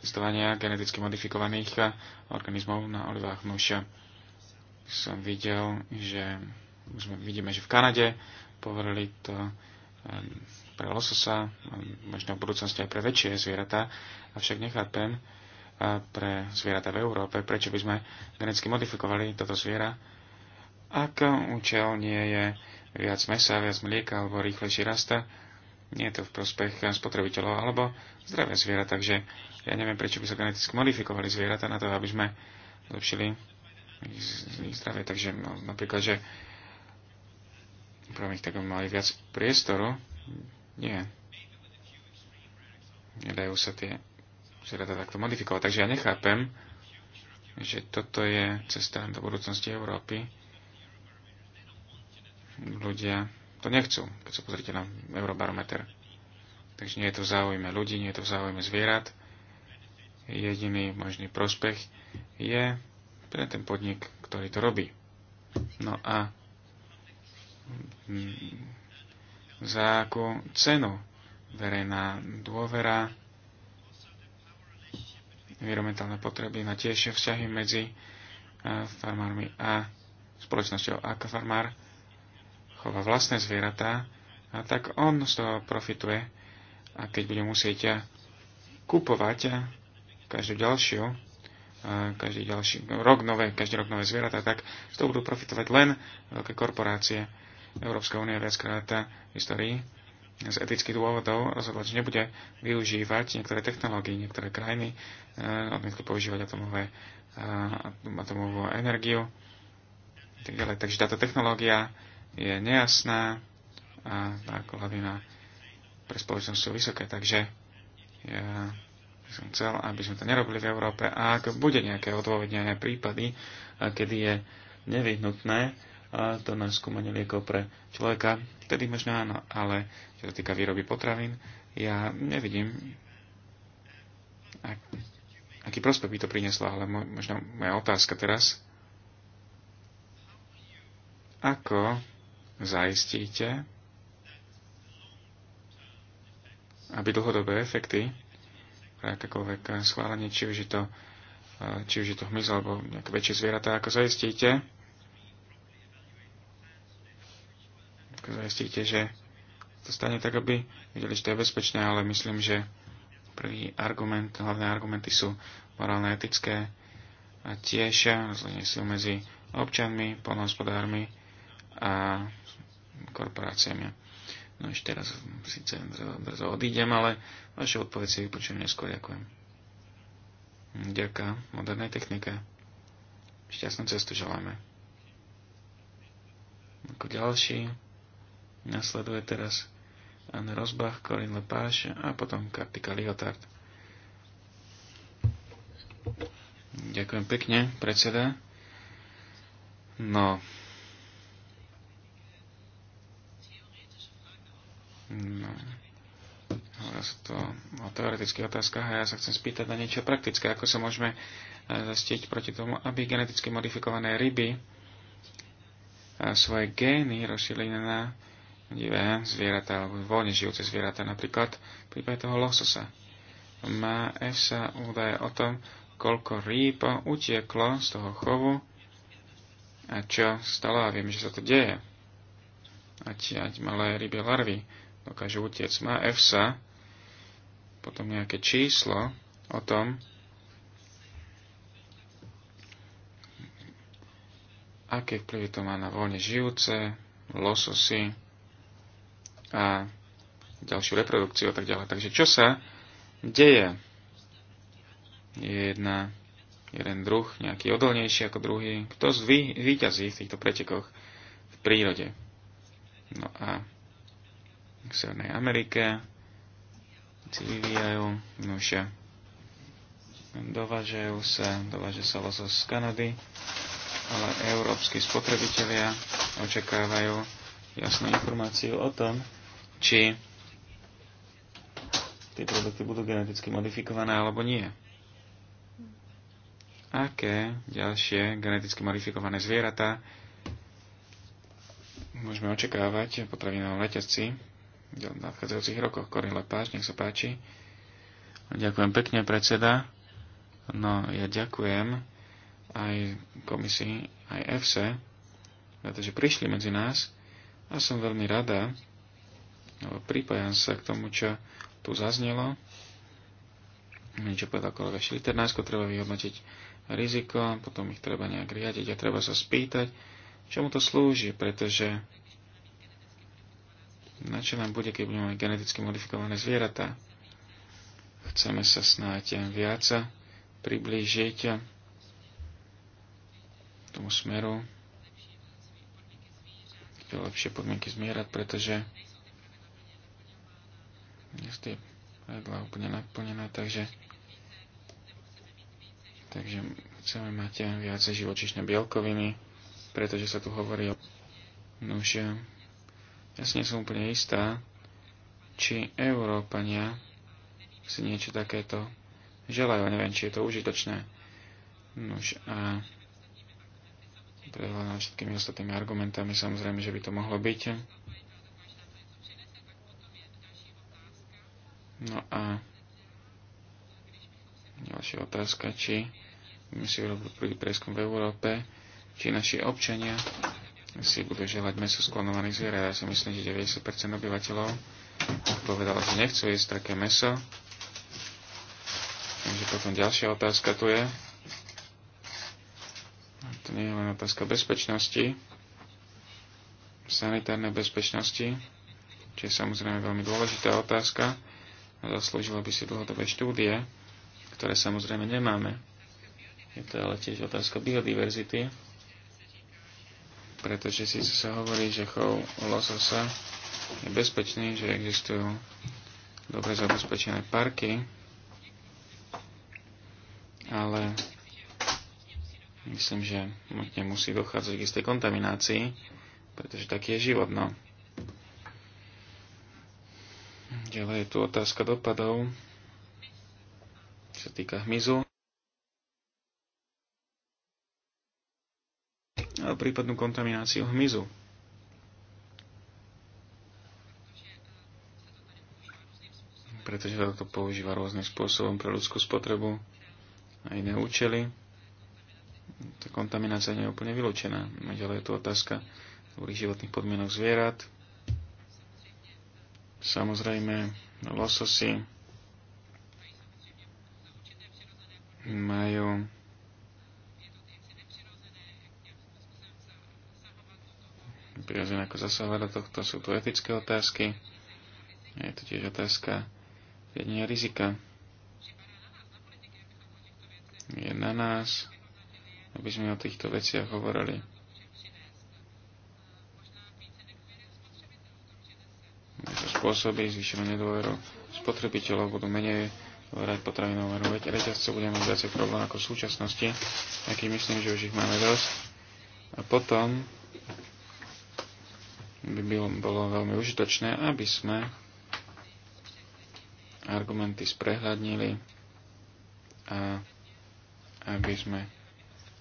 testovania geneticky modifikovaných organizmov na olivách nuša. Som videl, že sme, vidíme, že v Kanade povolili to ehm, pre lososa, ehm, možno v budúcnosti aj pre väčšie zvieratá, avšak nechápem ehm, pre zvieratá v Európe, prečo by sme geneticky modifikovali toto zviera, ak účel nie je viac mesa, viac mlieka alebo rýchlejší rasta, nie je to v prospech spotrebiteľov alebo zdravia zviera, Takže ja neviem, prečo by sa geneticky modifikovali zvieratá na to, aby sme zlepšili ich zdravie. Takže no, napríklad, že pre nich tak mali viac priestoru. Nie. Nedajú sa tie zvieratá takto modifikovať. Takže ja nechápem, že toto je cesta do budúcnosti Európy. Ľudia to nechcú, keď sa pozrite na Eurobarometer. Takže nie je to v záujme ľudí, nie je to v záujme zvierat. Jediný možný prospech je pre ten podnik, ktorý to robí. No a za akú cenu verejná dôvera, environmentálne potreby na tiež vzťahy medzi eh, farmármi a spoločnosťou farmár chová vlastné zvieratá, a tak on z toho profituje. A keď bude musieť kupovať každú ďalšiu, každý ďalší rok nové, každý rok nové zvieratá, tak z toho budú profitovať len veľké korporácie. Európska únia viackrát v histórii z etických dôvodov rozhodla, že nebude využívať niektoré technológie, niektoré krajiny, odmietli používať atomové, atomovú energiu. Tak ďalej. Takže táto technológia je nejasná a ako hlavina pre spoločnosť sú vysoké, takže ja by som chcel, aby sme to nerobili v Európe a ak bude nejaké odôvodnené prípady, kedy je nevyhnutné to na skúmanie liekov pre človeka, vtedy možno áno, ale čo sa týka výroby potravín, ja nevidím, aký prospech by to prinieslo, ale možno moja otázka teraz, ako zaistíte, aby dlhodobé efekty pre akékoľvek schválenie, či už je to, eh, či už je to hmyz alebo nejaké väčšie zvieratá, ako zaistíte, ako zaistíte, že to stane tak, aby videli, že to je bezpečné, ale myslím, že prvý argument, hlavné argumenty sú morálne, etické a tiež rozhodne sú medzi občanmi, polnohospodármi, a korporáciami. No ešte teraz síce brzo odídem, ale vaše odpovede si vypočujem neskôr. Ďakujem. Ďaká modernej technike. Šťastnú cestu želáme. Ako ďalší nasleduje teraz Anne Rozbach, Corinne Lepage a potom Kartika Lyotard. Ďakujem pekne, predseda. No, No. Hovoril sa to o teoretických otázka a ja sa chcem spýtať na niečo praktické. Ako sa môžeme e, zastieť proti tomu, aby geneticky modifikované ryby e, svoje gény rozšírili na divé zvieratá alebo voľne žijúce zvieratá, napríklad v prípade toho lososa. Má EFSA údaje o tom, koľko rýb utieklo z toho chovu a čo stalo a viem, že sa to deje. Ať, ať malé ryby larvy dokáže utiec. Má EFSA potom nejaké číslo o tom, aké vplyvy to má na voľne žijúce, lososy a ďalšiu reprodukciu a tak ďalej. Takže čo sa deje? Je jedna, jeden druh nejaký odolnejší ako druhý. Kto zvý, výťazí v týchto pretekoch v prírode? No a v Severnej Amerike, si vyvíjajú, nože dovážajú sa, dováže sa lozo z Kanady, ale európsky spotrebitelia očakávajú jasnú informáciu o tom, či tie produkty budú geneticky modifikované alebo nie. Aké ďalšie geneticky modifikované zvieratá môžeme očakávať v potravinovom reťazci v nadchádzajúcich rokoch. Korila páš, nech sa páči. Ďakujem pekne, predseda. No, ja ďakujem aj komisii, aj EFSE, pretože prišli medzi nás a som veľmi rada, lebo pripájam sa k tomu, čo tu zaznelo. Niečo povedal kolega Šliternásko, treba vyhodnotiť riziko, potom ich treba nejak riadiť a treba sa spýtať, čomu to slúži, pretože na čo nám bude, keď budeme mať geneticky modifikované zvieratá. Chceme sa snáď viac priblížiť tomu smeru Je lepšie podmienky zmierať, pretože dnes tie pravidla úplne naplnené, takže takže chceme mať viacej živočišné bielkoviny, pretože sa tu hovorí o nože, ja si nie som úplne istá, či Európania si niečo takéto želajú. Neviem, či je to užitočné. Nož a prehľadám všetkými ostatnými argumentami, samozrejme, že by to mohlo byť. No a ďalšia otázka, či my si urobili prieskum v Európe, či naši občania si budú želať meso sklonovaných zviera. Ja si myslím, že 90% obyvateľov povedalo, že nechcú jesť také meso. Takže potom ďalšia otázka tu je. To nie je len otázka bezpečnosti, sanitárnej bezpečnosti, čo je samozrejme veľmi dôležitá otázka a zaslúžilo by si dlhodobé štúdie, ktoré samozrejme nemáme. Je to ale tiež otázka biodiverzity pretože si sa hovorí, že chov lososa je bezpečný, že existujú dobre zabezpečené parky, ale myslím, že nemusí dochádzať k istej kontaminácii, pretože taký je život. No. Ďalej je tu otázka dopadov, čo sa týka hmyzu prípadnú kontamináciu hmyzu. Pretože sa to používa rôznym spôsobom pre ľudskú spotrebu a iné účely. Tá kontaminácia nie je úplne vylúčená. Ďalej je tu otázka dobrých životných podmienok zvierat. Samozrejme, lososy majú prirodzene ako zasahovať do tohto. Sú tu etické otázky. Je to tiež otázka riadenia rizika. Je na nás, aby sme o týchto veciach hovorili. Môžu spôsoby zvýšené nedôveru spotrebiteľov budú menej dôverať Veď reťazce, budeme mať viacej problém ako v súčasnosti, aký myslím, že už ich máme dosť. A potom by bylo, bolo veľmi užitočné, aby sme argumenty sprehľadnili a aby sme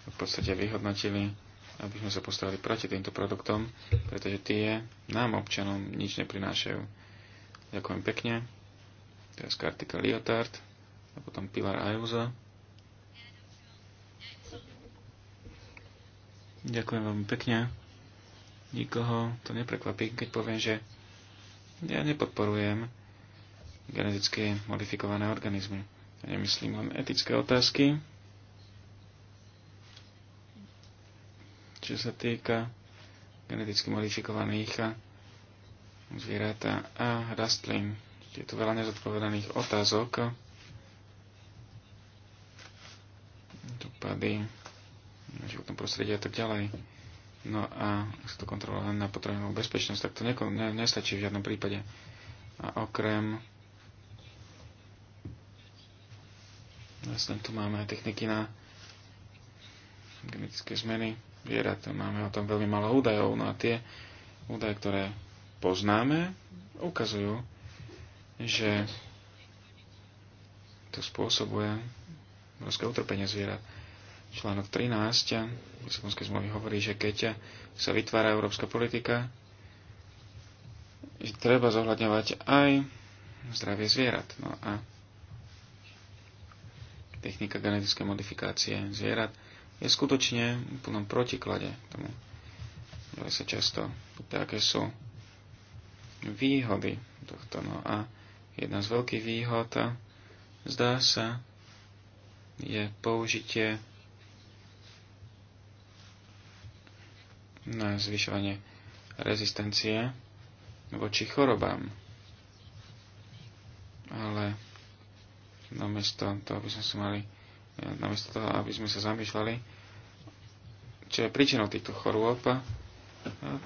v podstate vyhodnotili, aby sme sa postavili proti týmto produktom, pretože tie nám, občanom, nič neprinášajú. Ďakujem pekne. Teraz Kartika Liotard a potom Pilar Ayuso. Ďakujem veľmi pekne nikoho to neprekvapí, keď poviem, že ja nepodporujem geneticky modifikované organizmy. Ja nemyslím len etické otázky, čo sa týka geneticky modifikovaných zvieratá a rastlín. Je tu veľa nezodpovedaných otázok. Dopady na životnom prostredí a tak ďalej. No a ak sa to kontroluje len na potrebnú bezpečnosť, tak to ne, ne- nestačí v žiadnom prípade. A okrem vlastne tu máme techniky na genetické zmeny zvierat, máme o tom veľmi malo údajov, no a tie údaje, ktoré poznáme, ukazujú, že to spôsobuje obrovské utrpenie zvierat. Článok 13 Lisabonskej zmluvy hovorí, že keď sa vytvára európska politika, že treba zohľadňovať aj zdravie zvierat. No a technika genetické modifikácie zvierat je skutočne v plnom protiklade tomu. Ale sa často pýta, aké sú výhody tohto. No a jedna z veľkých výhod, zdá sa, je použitie na zvyšovanie rezistencie voči chorobám. Ale namiesto toho, aby sme sa mali, namiesto toho, aby sme sa zamýšľali, čo je príčinou týchto chorôb,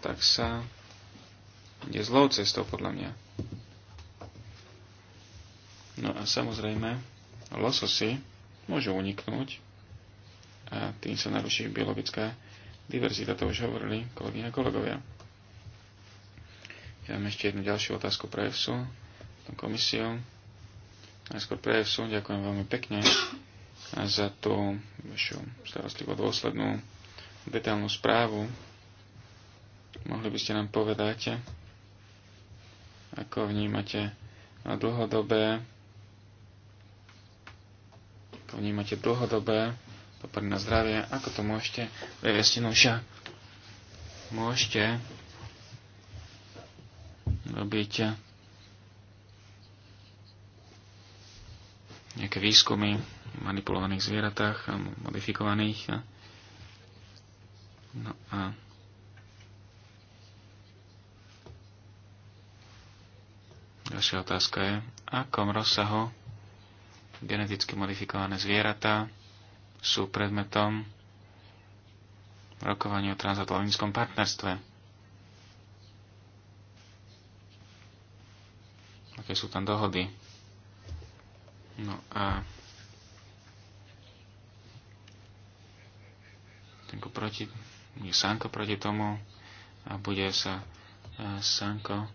tak sa je zlou cestou podľa mňa. No a samozrejme, lososy môžu uniknúť a tým sa naruší biologická Diverzita, to už hovorili kolegyne a kolegovia. Ja mám ešte jednu ďalšiu otázku pre EFSU, komisiu. Najskôr pre EFSU, ďakujem veľmi pekne za tú vašu starostlivú dôslednú detailnú správu. Mohli by ste nám povedať, ako vnímate dlhodobé ako vnímate dlhodobé dopady na zdravie, ako to môžete previesť noža. Môžete robiť nejaké výskumy v manipulovaných zvieratách, modifikovaných. No a ďalšia otázka je, akom rozsahu geneticky modifikované zvieratá sú predmetom rokovania o transatlantickom partnerstve. Aké sú tam dohody? No a Tenko proti, je Sanko proti tomu a bude sa uh, Sanko e,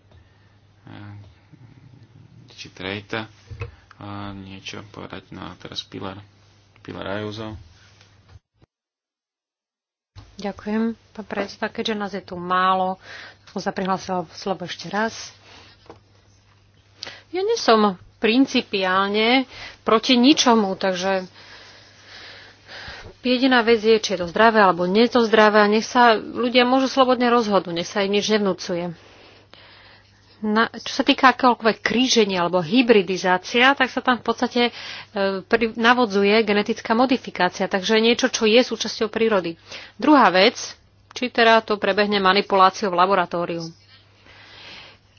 či Trejta e, niečo povedať. No teraz Pilar. Pilar Ajuzo. Ďakujem, pán predseda. Keďže nás je tu málo, som sa prihlásila slovo ešte raz. Ja nie som principiálne proti ničomu, takže jediná vec je, či je to zdravé alebo nie je to zdravé a nech sa ľudia môžu slobodne rozhodnúť, nech sa im nič nevnúcuje na, čo sa týka akéhokoľvek kríženia alebo hybridizácia, tak sa tam v podstate e, pri, navodzuje genetická modifikácia, takže niečo, čo je súčasťou prírody. Druhá vec, či teda to prebehne manipuláciou v laboratóriu.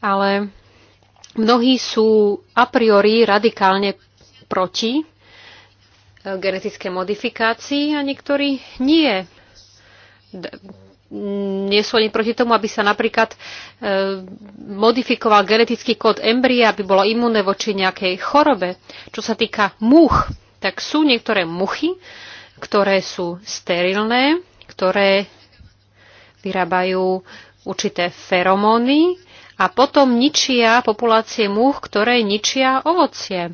Ale mnohí sú a priori radikálne proti e, genetické modifikácii a niektorí nie nie sú ani proti tomu, aby sa napríklad e, modifikoval genetický kód embria, aby bolo imunné voči nejakej chorobe. Čo sa týka much, tak sú niektoré muchy, ktoré sú sterilné, ktoré vyrábajú určité feromóny a potom ničia populácie much, ktoré ničia ovocie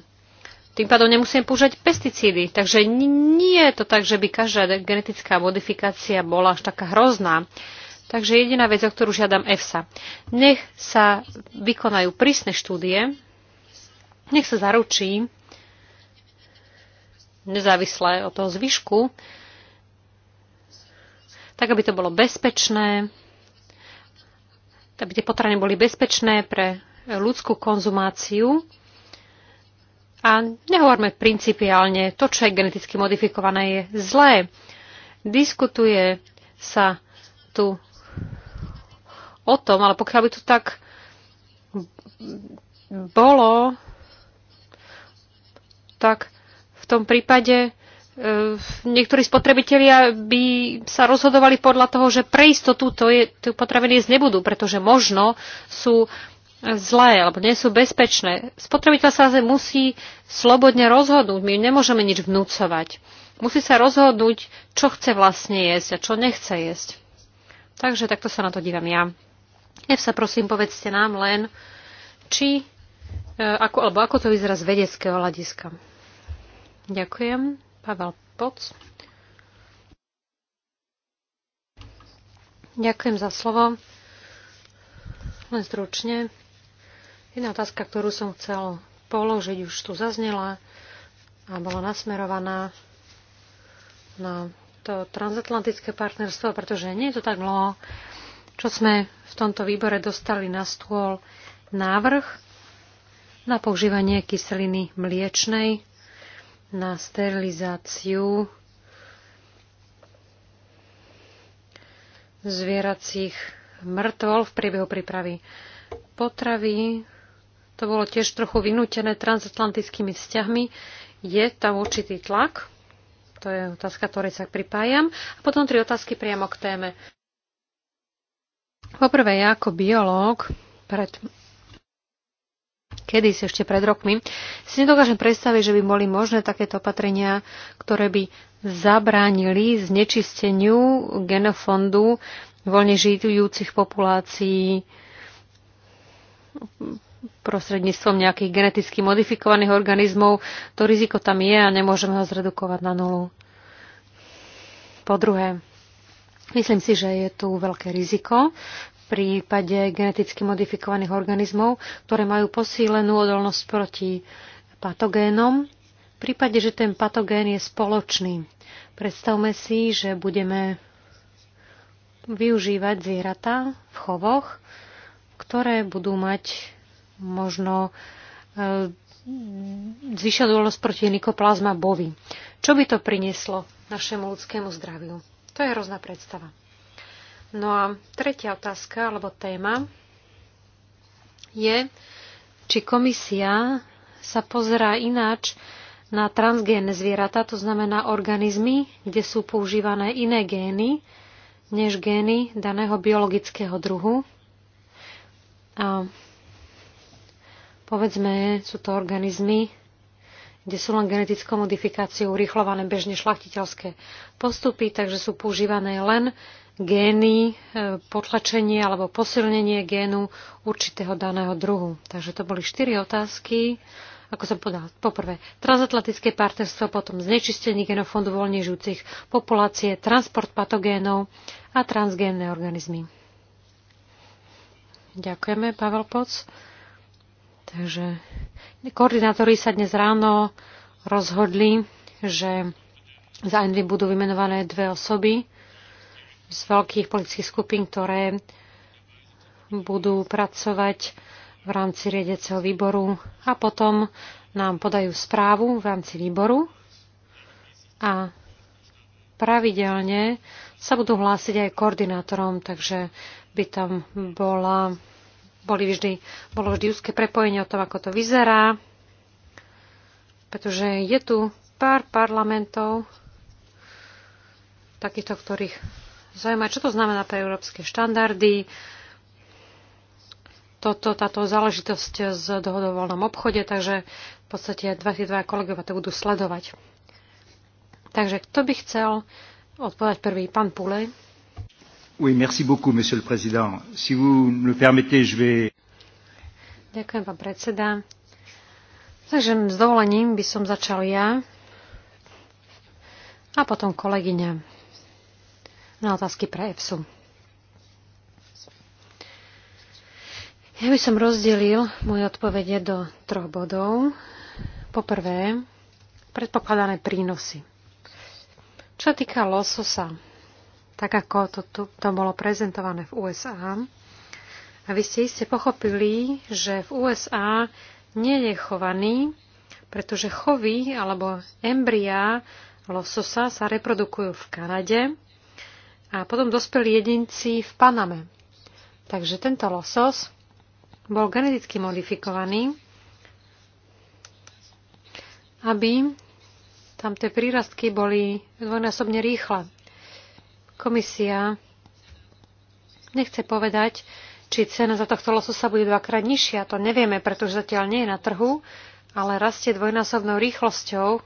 tým pádom nemusíme použiť pesticídy. Takže nie je to tak, že by každá genetická modifikácia bola až taká hrozná. Takže jediná vec, o ktorú žiadam EFSA. Nech sa vykonajú prísne štúdie, nech sa zaručí, nezávisle od toho zvyšku, tak aby to bolo bezpečné, aby tie potraviny boli bezpečné pre ľudskú konzumáciu a nehovorme principiálne, to, čo je geneticky modifikované, je zlé. Diskutuje sa tu o tom, ale pokiaľ by to tak bolo, tak v tom prípade e, niektorí spotrebitelia by sa rozhodovali podľa toho, že pre istotu to je, tu potraviny jesť nebudú, pretože možno sú zlé alebo nie sú bezpečné. Spotrebiteľ sa musí slobodne rozhodnúť. My nemôžeme nič vnúcovať. Musí sa rozhodnúť, čo chce vlastne jesť a čo nechce jesť. Takže takto sa na to dívam ja. Nech sa prosím, povedzte nám len, či, e, ako, alebo ako to vyzerá z vedeckého hľadiska. Ďakujem. Pavel Poc. Ďakujem za slovo. Len stručne. Jedna otázka, ktorú som chcel položiť, už tu zaznela a bola nasmerovaná na to transatlantické partnerstvo, pretože nie je to tak dlho, čo sme v tomto výbore dostali na stôl návrh na používanie kyseliny mliečnej na sterilizáciu zvieracích mŕtvol v priebehu prípravy potravy to bolo tiež trochu vynútené transatlantickými vzťahmi. Je tam určitý tlak, to je otázka, ktorej sa pripájam. A potom tri otázky priamo k téme. Poprvé, ja ako biológ pred kedy si ešte pred rokmi, si nedokážem predstaviť, že by boli možné takéto opatrenia, ktoré by zabránili znečisteniu genofondu voľne žijúcich populácií prostredníctvom nejakých geneticky modifikovaných organizmov. To riziko tam je a nemôžeme ho zredukovať na nulu. Po druhé, myslím si, že je tu veľké riziko v prípade geneticky modifikovaných organizmov, ktoré majú posílenú odolnosť proti patogénom, v prípade, že ten patogén je spoločný. Predstavme si, že budeme využívať zvieratá v chovoch, ktoré budú mať možno e, zvyšila dôležitosť proti Nikoplazma bovy. Čo by to prinieslo našemu ľudskému zdraviu? To je hrozná predstava. No a tretia otázka, alebo téma, je, či komisia sa pozerá ináč na transgénne zvieratá, to znamená organizmy, kde sú používané iné gény, než gény daného biologického druhu. A Povedzme, sú to organizmy, kde sú len genetickou modifikáciou urýchlované bežne šlachtiteľské postupy, takže sú používané len gény, e, potlačenie alebo posilnenie génu určitého daného druhu. Takže to boli štyri otázky. Ako som povedala, poprvé, transatlantické partnerstvo, potom znečistenie genofondu voľne žijúcich populácie, transport patogénov a transgénne organizmy. Ďakujeme, Pavel Poc. Takže koordinátori sa dnes ráno rozhodli, že za Envy budú vymenované dve osoby z veľkých politických skupín, ktoré budú pracovať v rámci riedeceho výboru a potom nám podajú správu v rámci výboru a pravidelne sa budú hlásiť aj koordinátorom, takže by tam bola boli vždy, bolo vždy úzke prepojenie o tom, ako to vyzerá, pretože je tu pár parlamentov, takýchto, ktorých zaujíma, čo to znamená pre európske štandardy, toto, táto záležitosť z dohodou o voľnom obchode, takže v podstate dva, tí dva kolegovia to budú sledovať. Takže kto by chcel odpovedať prvý? Pán Pulej. Oui, merci beaucoup, monsieur le président. Si vous me permettez, je vais... Ďakujem, pán predseda. Takže s dovolením by som začal ja a potom kolegyňa na otázky pre EFSU. Ja by som rozdelil moje odpovede do troch bodov. Poprvé, predpokladané prínosy. Čo týka lososa, tak ako to, to, to bolo prezentované v USA. A vy ste iste pochopili, že v USA nie je chovaný, pretože chovy alebo embriá lososa sa reprodukujú v Kanade a potom dospelí jedinci v Paname. Takže tento losos bol geneticky modifikovaný, aby tam tie prírastky boli dvojnásobne rýchle. Komisia nechce povedať, či cena za tohto lososa bude dvakrát nižšia. To nevieme, pretože zatiaľ nie je na trhu, ale rastie dvojnásobnou rýchlosťou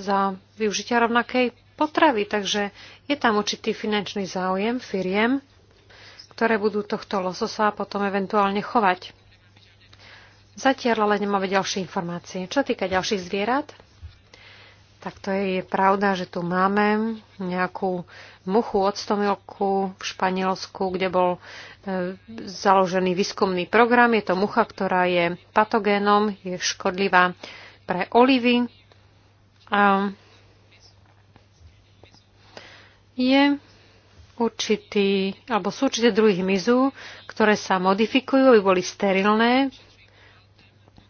za využitia rovnakej potravy. Takže je tam určitý finančný záujem firiem, ktoré budú tohto lososa potom eventuálne chovať. Zatiaľ ale nemáme ďalšie informácie. Čo týka ďalších zvierat, tak to je, je pravda, že tu máme nejakú muchu od stomilku v Španielsku, kde bol e, založený výskumný program. Je to mucha, ktorá je patogénom, je škodlivá pre olivy. A je určitý, alebo sú určité druhy hmyzu, ktoré sa modifikujú, aby boli sterilné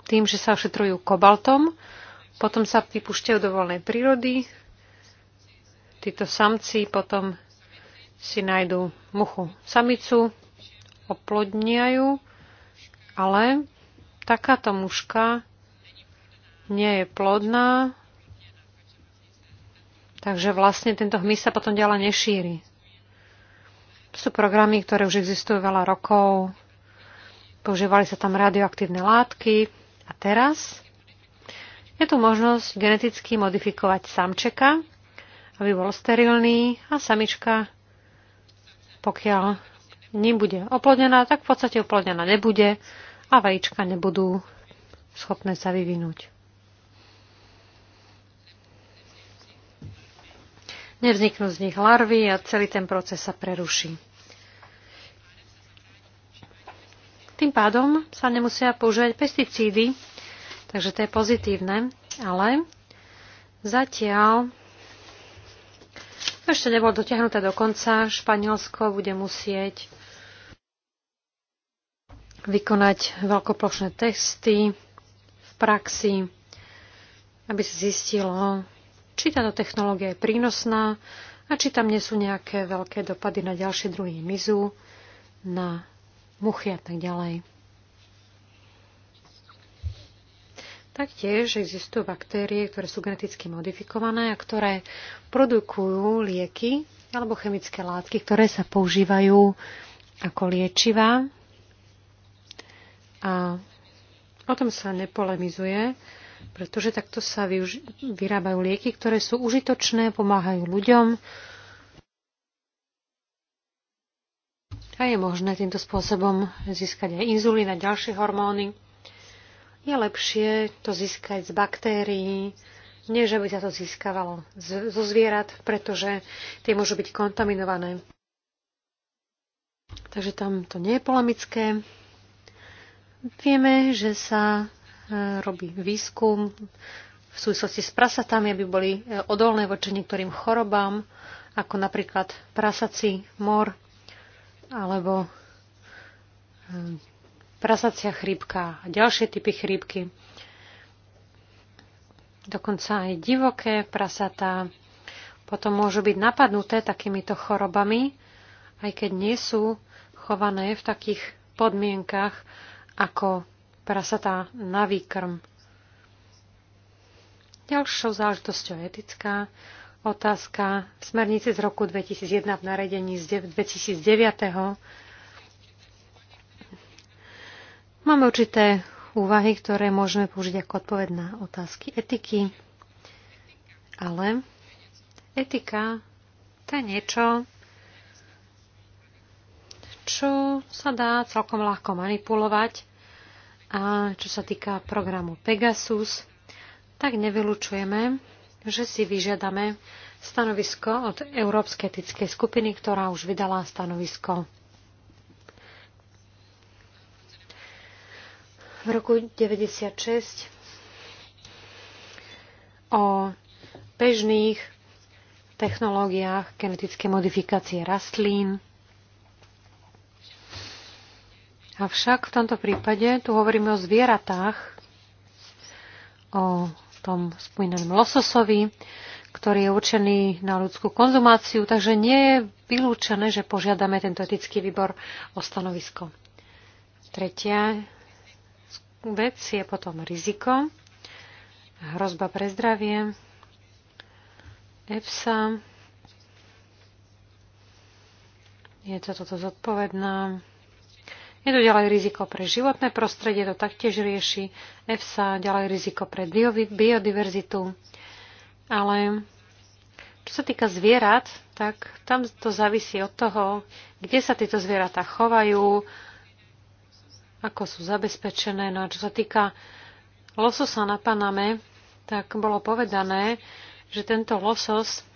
tým, že sa ošetrujú kobaltom potom sa vypúšťajú do voľnej prírody. Títo samci potom si nájdú muchu samicu, oplodňajú, ale takáto muška nie je plodná, takže vlastne tento hmyz sa potom ďalej nešíri. Sú programy, ktoré už existujú veľa rokov, používali sa tam radioaktívne látky a teraz je tu možnosť geneticky modifikovať samčeka, aby bol sterilný a samička, pokiaľ ním bude oplodnená, tak v podstate oplodnená nebude a vajíčka nebudú schopné sa vyvinúť. Nevzniknú z nich larvy a celý ten proces sa preruší. Tým pádom sa nemusia používať pesticídy, Takže to je pozitívne, ale zatiaľ ešte nebolo dotiahnuté do konca. Španielsko bude musieť vykonať veľkoplošné testy v praxi, aby sa zistilo, či táto technológia je prínosná a či tam nie sú nejaké veľké dopady na ďalšie druhy mizu, na muchy a tak ďalej. Taktiež existujú baktérie, ktoré sú geneticky modifikované a ktoré produkujú lieky alebo chemické látky, ktoré sa používajú ako liečivá. A o tom sa nepolemizuje, pretože takto sa vyrábajú lieky, ktoré sú užitočné, pomáhajú ľuďom, a je možné týmto spôsobom získať aj inzulín a ďalšie hormóny je lepšie to získať z baktérií, než aby sa to získavalo zo zvierat, pretože tie môžu byť kontaminované. Takže tam to nie je polemické. Vieme, že sa e, robí výskum v súvislosti s prasatami, aby boli e, odolné voči niektorým chorobám, ako napríklad prasací mor alebo e, prasacia chrípka a ďalšie typy chrípky. Dokonca aj divoké prasatá potom môžu byť napadnuté takýmito chorobami, aj keď nie sú chované v takých podmienkach ako prasatá na výkrm. Ďalšou záležitosťou etická otázka v smernici z roku 2001 v naredení z 2009 Máme určité úvahy, ktoré môžeme použiť ako odpoved na otázky etiky, ale etika to je niečo, čo sa dá celkom ľahko manipulovať a čo sa týka programu Pegasus, tak nevylučujeme, že si vyžiadame stanovisko od Európskej etickej skupiny, ktorá už vydala stanovisko v roku 96 o bežných technológiách genetické modifikácie rastlín. Avšak v tomto prípade tu hovoríme o zvieratách, o tom spomínaném lososovi, ktorý je určený na ľudskú konzumáciu, takže nie je vylúčené, že požiadame tento etický výbor o stanovisko. Tretia vec je potom riziko, hrozba pre zdravie, EFSA, je to toto zodpovedná. Je tu ďalej riziko pre životné prostredie, to taktiež rieši EFSA, ďalej riziko pre biodiverzitu. Ale čo sa týka zvierat, tak tam to závisí od toho, kde sa tieto zvieratá chovajú, ako sú zabezpečené. No a čo sa týka lososa na Paname, tak bolo povedané, že tento losos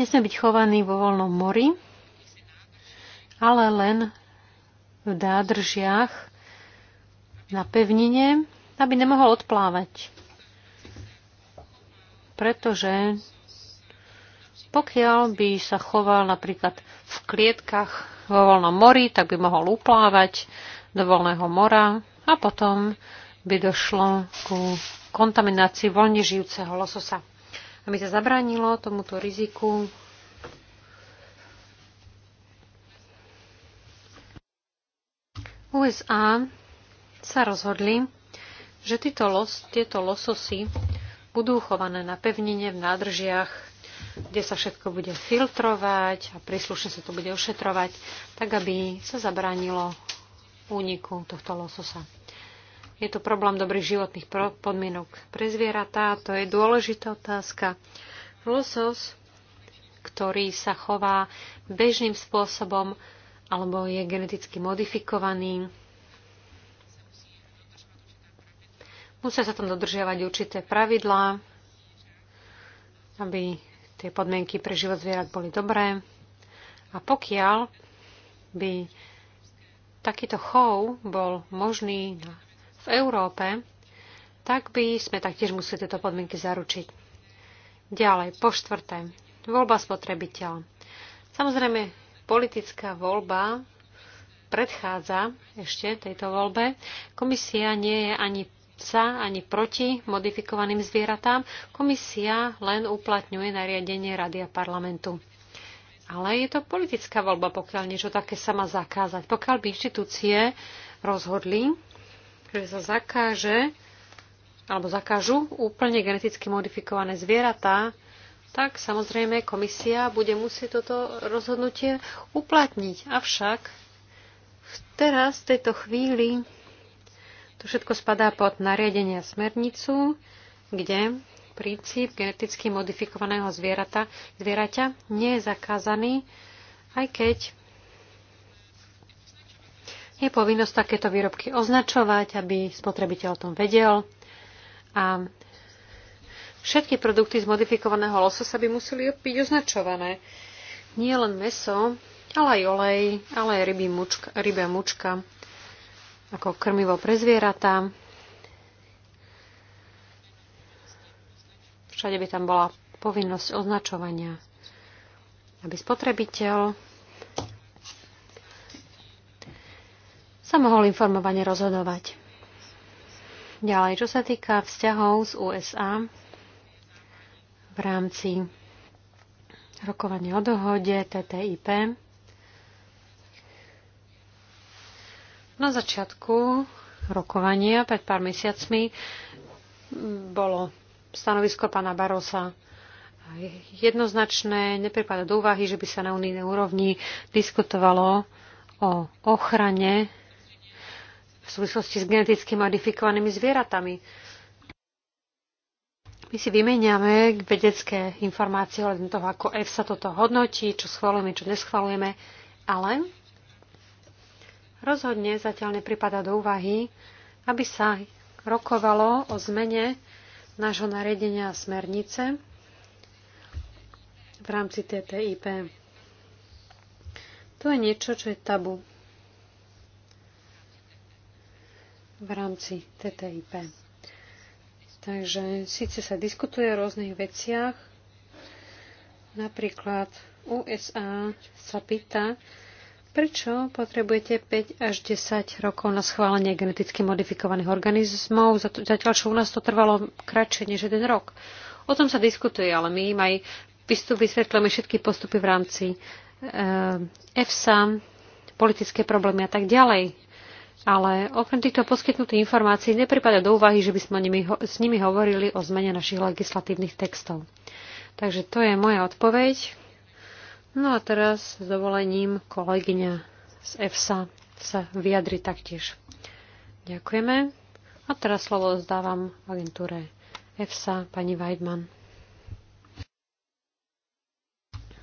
nesmie byť chovaný vo voľnom mori, ale len v dádržiach na pevnine, aby nemohol odplávať. Pretože pokiaľ by sa choval napríklad v klietkach vo voľnom mori, tak by mohol uplávať do voľného mora a potom by došlo ku kontaminácii voľne žijúceho lososa. Aby sa zabránilo tomuto riziku, USA sa rozhodli, že tieto lososy budú chované na pevnine v nádržiach kde sa všetko bude filtrovať a príslušne sa to bude ošetrovať, tak aby sa zabránilo úniku tohto lososa. Je to problém dobrých životných podmienok pre zvieratá, to je dôležitá otázka. Losos, ktorý sa chová bežným spôsobom alebo je geneticky modifikovaný, musia sa tam dodržiavať určité pravidlá, aby tie podmienky pre život zvierat boli dobré. A pokiaľ by takýto chov bol možný v Európe, tak by sme taktiež museli tieto podmienky zaručiť. Ďalej, po štvrté, voľba spotrebiteľa. Samozrejme, politická voľba predchádza ešte tejto voľbe. Komisia nie je ani sa ani proti modifikovaným zvieratám. Komisia len uplatňuje nariadenie Rady a parlamentu. Ale je to politická voľba, pokiaľ niečo také sa má zakázať. Pokiaľ by inštitúcie rozhodli, že sa zakáže alebo zakážu úplne geneticky modifikované zvieratá, tak samozrejme komisia bude musieť toto rozhodnutie uplatniť. Avšak teraz, v tejto chvíli, to všetko spadá pod nariadenie a smernicu, kde princíp geneticky modifikovaného zvierata, zvieraťa nie je zakázaný, aj keď je povinnosť takéto výrobky označovať, aby spotrebiteľ o tom vedel. A všetky produkty z modifikovaného lososa by museli byť označované. Nie len meso, ale aj olej, ale aj rybí mučka, rybia mučka ako krmivo pre zvieratá. Všade by tam bola povinnosť označovania, aby spotrebiteľ sa mohol informovane rozhodovať. Ďalej, čo sa týka vzťahov z USA v rámci rokovania o dohode TTIP, Na začiatku rokovania pred pár mesiacmi bolo stanovisko pána Barosa jednoznačné, neprepada do úvahy, že by sa na unijnej úrovni diskutovalo o ochrane v súvislosti s geneticky modifikovanými zvieratami. My si vymeniame vedecké informácie o toho, ako EFSA toto hodnotí, čo schvalujeme, čo neschvalujeme, ale Rozhodne zatiaľ nepripada do úvahy, aby sa rokovalo o zmene nášho nariadenia a smernice v rámci TTIP. To je niečo, čo je tabu v rámci TTIP. Takže síce sa diskutuje o rôznych veciach, napríklad USA sa pýta, Prečo potrebujete 5 až 10 rokov na schválenie geneticky modifikovaných organizmov, zatiaľ čo u nás to trvalo kratšie než jeden rok? O tom sa diskutuje, ale my im aj vysvetľujeme všetky postupy v rámci eh, EFSA, politické problémy a tak ďalej. Ale okrem týchto poskytnutých informácií nepripada do úvahy, že by sme nimi, s nimi hovorili o zmene našich legislatívnych textov. Takže to je moja odpoveď. No a teraz s dovolením kolegyňa z EFSA sa vyjadri taktiež. Ďakujeme. A teraz slovo zdávam agentúre EFSA, pani Weidman.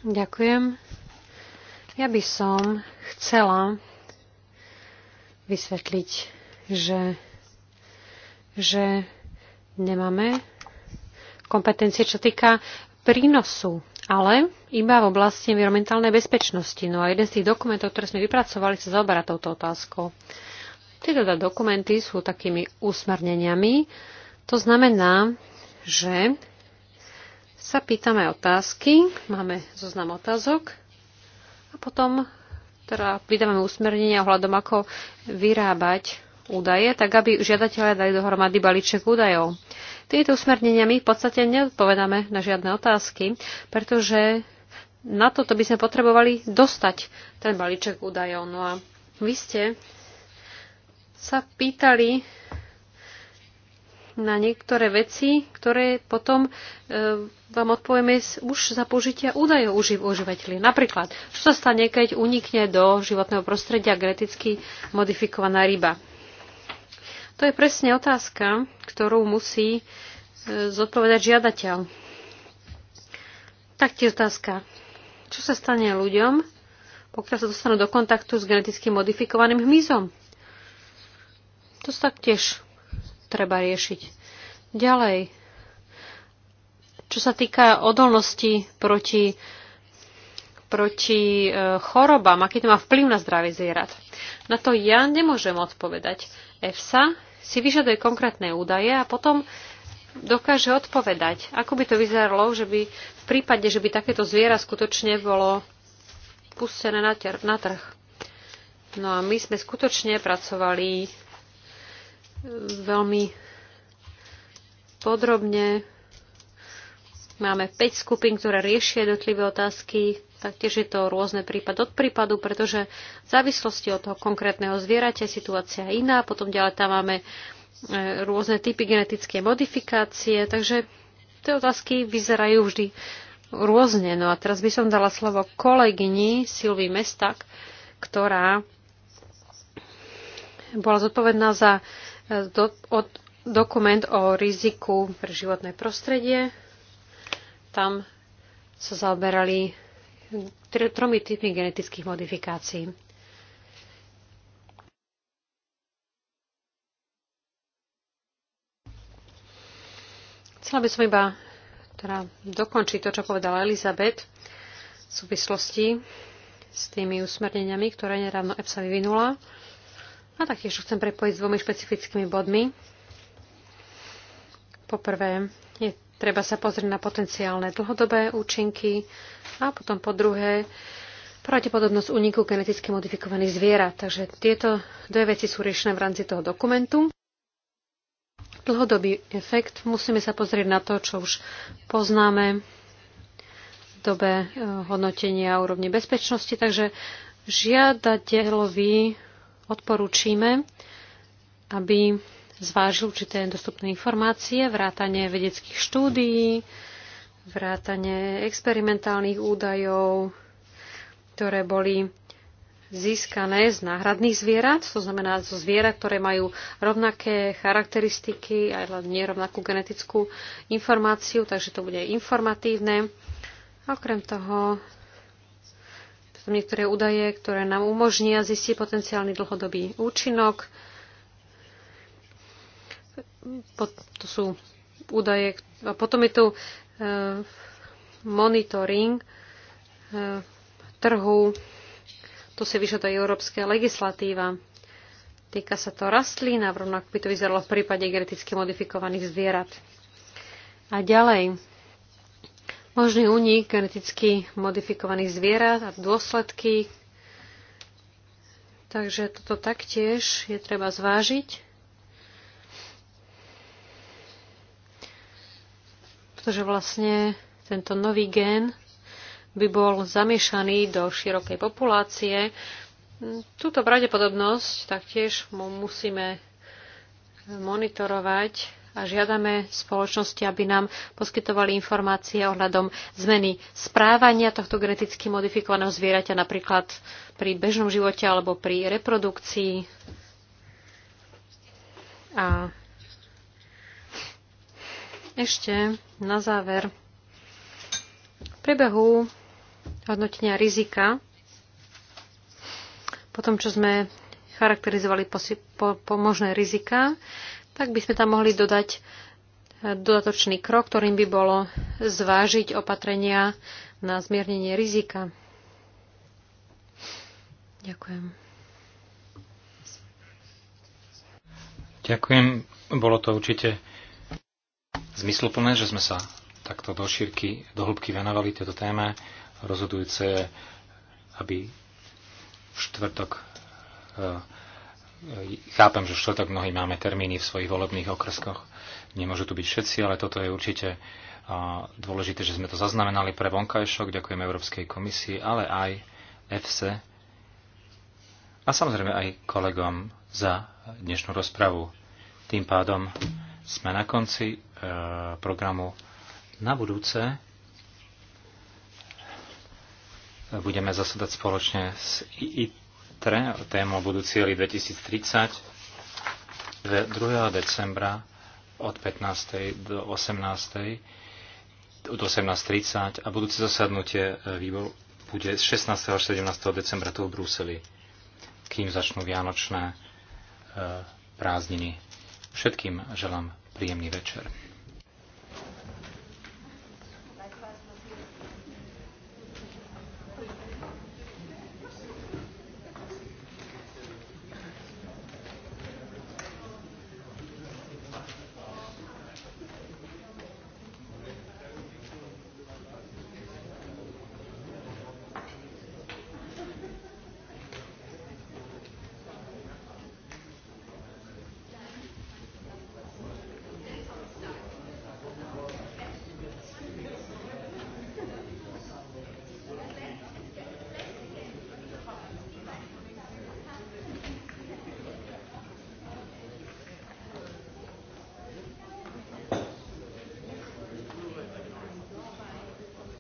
Ďakujem. Ja by som chcela vysvetliť, že, že nemáme kompetencie, čo týka prínosu ale iba v oblasti environmentálnej bezpečnosti. No a jeden z tých dokumentov, ktoré sme vypracovali, sa zaoberá touto otázkou. Tieto teda dokumenty sú takými usmerneniami. To znamená, že sa pýtame otázky, máme zoznam otázok a potom teda vydávame usmernenia ohľadom, ako vyrábať údaje, tak aby žiadatelia dali dohromady balíček údajov. Týmito usmerneniami v podstate neodpovedáme na žiadne otázky, pretože na toto by sme potrebovali dostať ten balíček údajov. No a vy ste sa pýtali na niektoré veci, ktoré potom e, vám odpovieme už za použitia údajov užívateľi. Napríklad, čo sa stane, keď unikne do životného prostredia geneticky modifikovaná ryba. To je presne otázka, ktorú musí e, zodpovedať žiadateľ. Taktiež otázka, čo sa stane ľuďom, pokiaľ sa dostanú do kontaktu s geneticky modifikovaným hmyzom. To sa taktiež treba riešiť. Ďalej, čo sa týka odolnosti proti proti e, chorobám, aký to má vplyv na zdravie zvierat. Na to ja nemôžem odpovedať. EFSA si vyžaduje konkrétne údaje a potom dokáže odpovedať, ako by to vyzeralo, že by v prípade, že by takéto zviera skutočne bolo pustené na, ter- na trh. No a my sme skutočne pracovali e, veľmi podrobne. Máme 5 skupín, ktoré riešia jednotlivé otázky Taktiež je to rôzne prípad od prípadu, pretože v závislosti od toho konkrétneho situácia je situácia iná. Potom ďalej tam máme e, rôzne typy genetické modifikácie, takže tie otázky vyzerajú vždy rôzne. No a teraz by som dala slovo kolegyni Silvii Mestak, ktorá bola zodpovedná za e, do, od, dokument o riziku pre životné prostredie. Tam sa zaoberali tromi typmi genetických modifikácií. Chcela by som iba teda dokončiť to, čo povedala Elizabeth v súvislosti s tými usmerneniami, ktoré nedávno EPSA vyvinula. A taktiež chcem prepojiť s dvomi špecifickými bodmi. Poprvé, Treba sa pozrieť na potenciálne dlhodobé účinky a potom po druhé pravdepodobnosť úniku geneticky modifikovaných zvierat. Takže tieto dve veci sú riešené v rámci toho dokumentu. Dlhodobý efekt. Musíme sa pozrieť na to, čo už poznáme v dobe eh, hodnotenia úrovne bezpečnosti. Takže žiadateľovi odporúčime, aby zvážil určité dostupné informácie, vrátanie vedeckých štúdií, vrátanie experimentálnych údajov, ktoré boli získané z náhradných zvierat, to znamená zo zvierat, ktoré majú rovnaké charakteristiky, aj nerovnakú genetickú informáciu, takže to bude informatívne. A okrem toho sú niektoré údaje, ktoré nám umožnia zistiť potenciálny dlhodobý účinok to sú údaje. A potom je tu e, monitoring e, trhu. To si vyžaduje európska legislatíva. Týka sa to rastlín a rovnako by to vyzeralo v prípade geneticky modifikovaných zvierat. A ďalej, možný únik geneticky modifikovaných zvierat a dôsledky. Takže toto taktiež je treba zvážiť. pretože vlastne tento nový gén by bol zamiešaný do širokej populácie. Túto pravdepodobnosť taktiež mu musíme monitorovať a žiadame spoločnosti, aby nám poskytovali informácie ohľadom zmeny správania tohto geneticky modifikovaného zvieraťa napríklad pri bežnom živote alebo pri reprodukcii. A ešte na záver. V priebehu hodnotenia rizika, po tom, čo sme charakterizovali po, po možné rizika, tak by sme tam mohli dodať eh, dodatočný krok, ktorým by bolo zvážiť opatrenia na zmiernenie rizika. Ďakujem. Ďakujem. Bolo to určite zmysluplné, že sme sa takto do šírky, do hĺbky venovali tejto téme. Rozhodujúce je, aby v štvrtok e, chápem, že v štvrtok mnohí máme termíny v svojich volebných okreskoch. Nemôžu tu byť všetci, ale toto je určite e, dôležité, že sme to zaznamenali pre vonkajšok. Ďakujem Európskej komisii, ale aj EFSE a samozrejme aj kolegom za dnešnú rozpravu. Tým pádom sme na konci Eh, programu. Na budúce budeme zasadať spoločne s ITRE, tému budú budúci 2030, 2. decembra od 15. do 18. od 18.30 a budúce zasadnutie eh, výboru bude z 16. až 17. decembra tu v Bruseli, kým začnú vianočné eh, prázdniny. Všetkým želám Príjemný večer.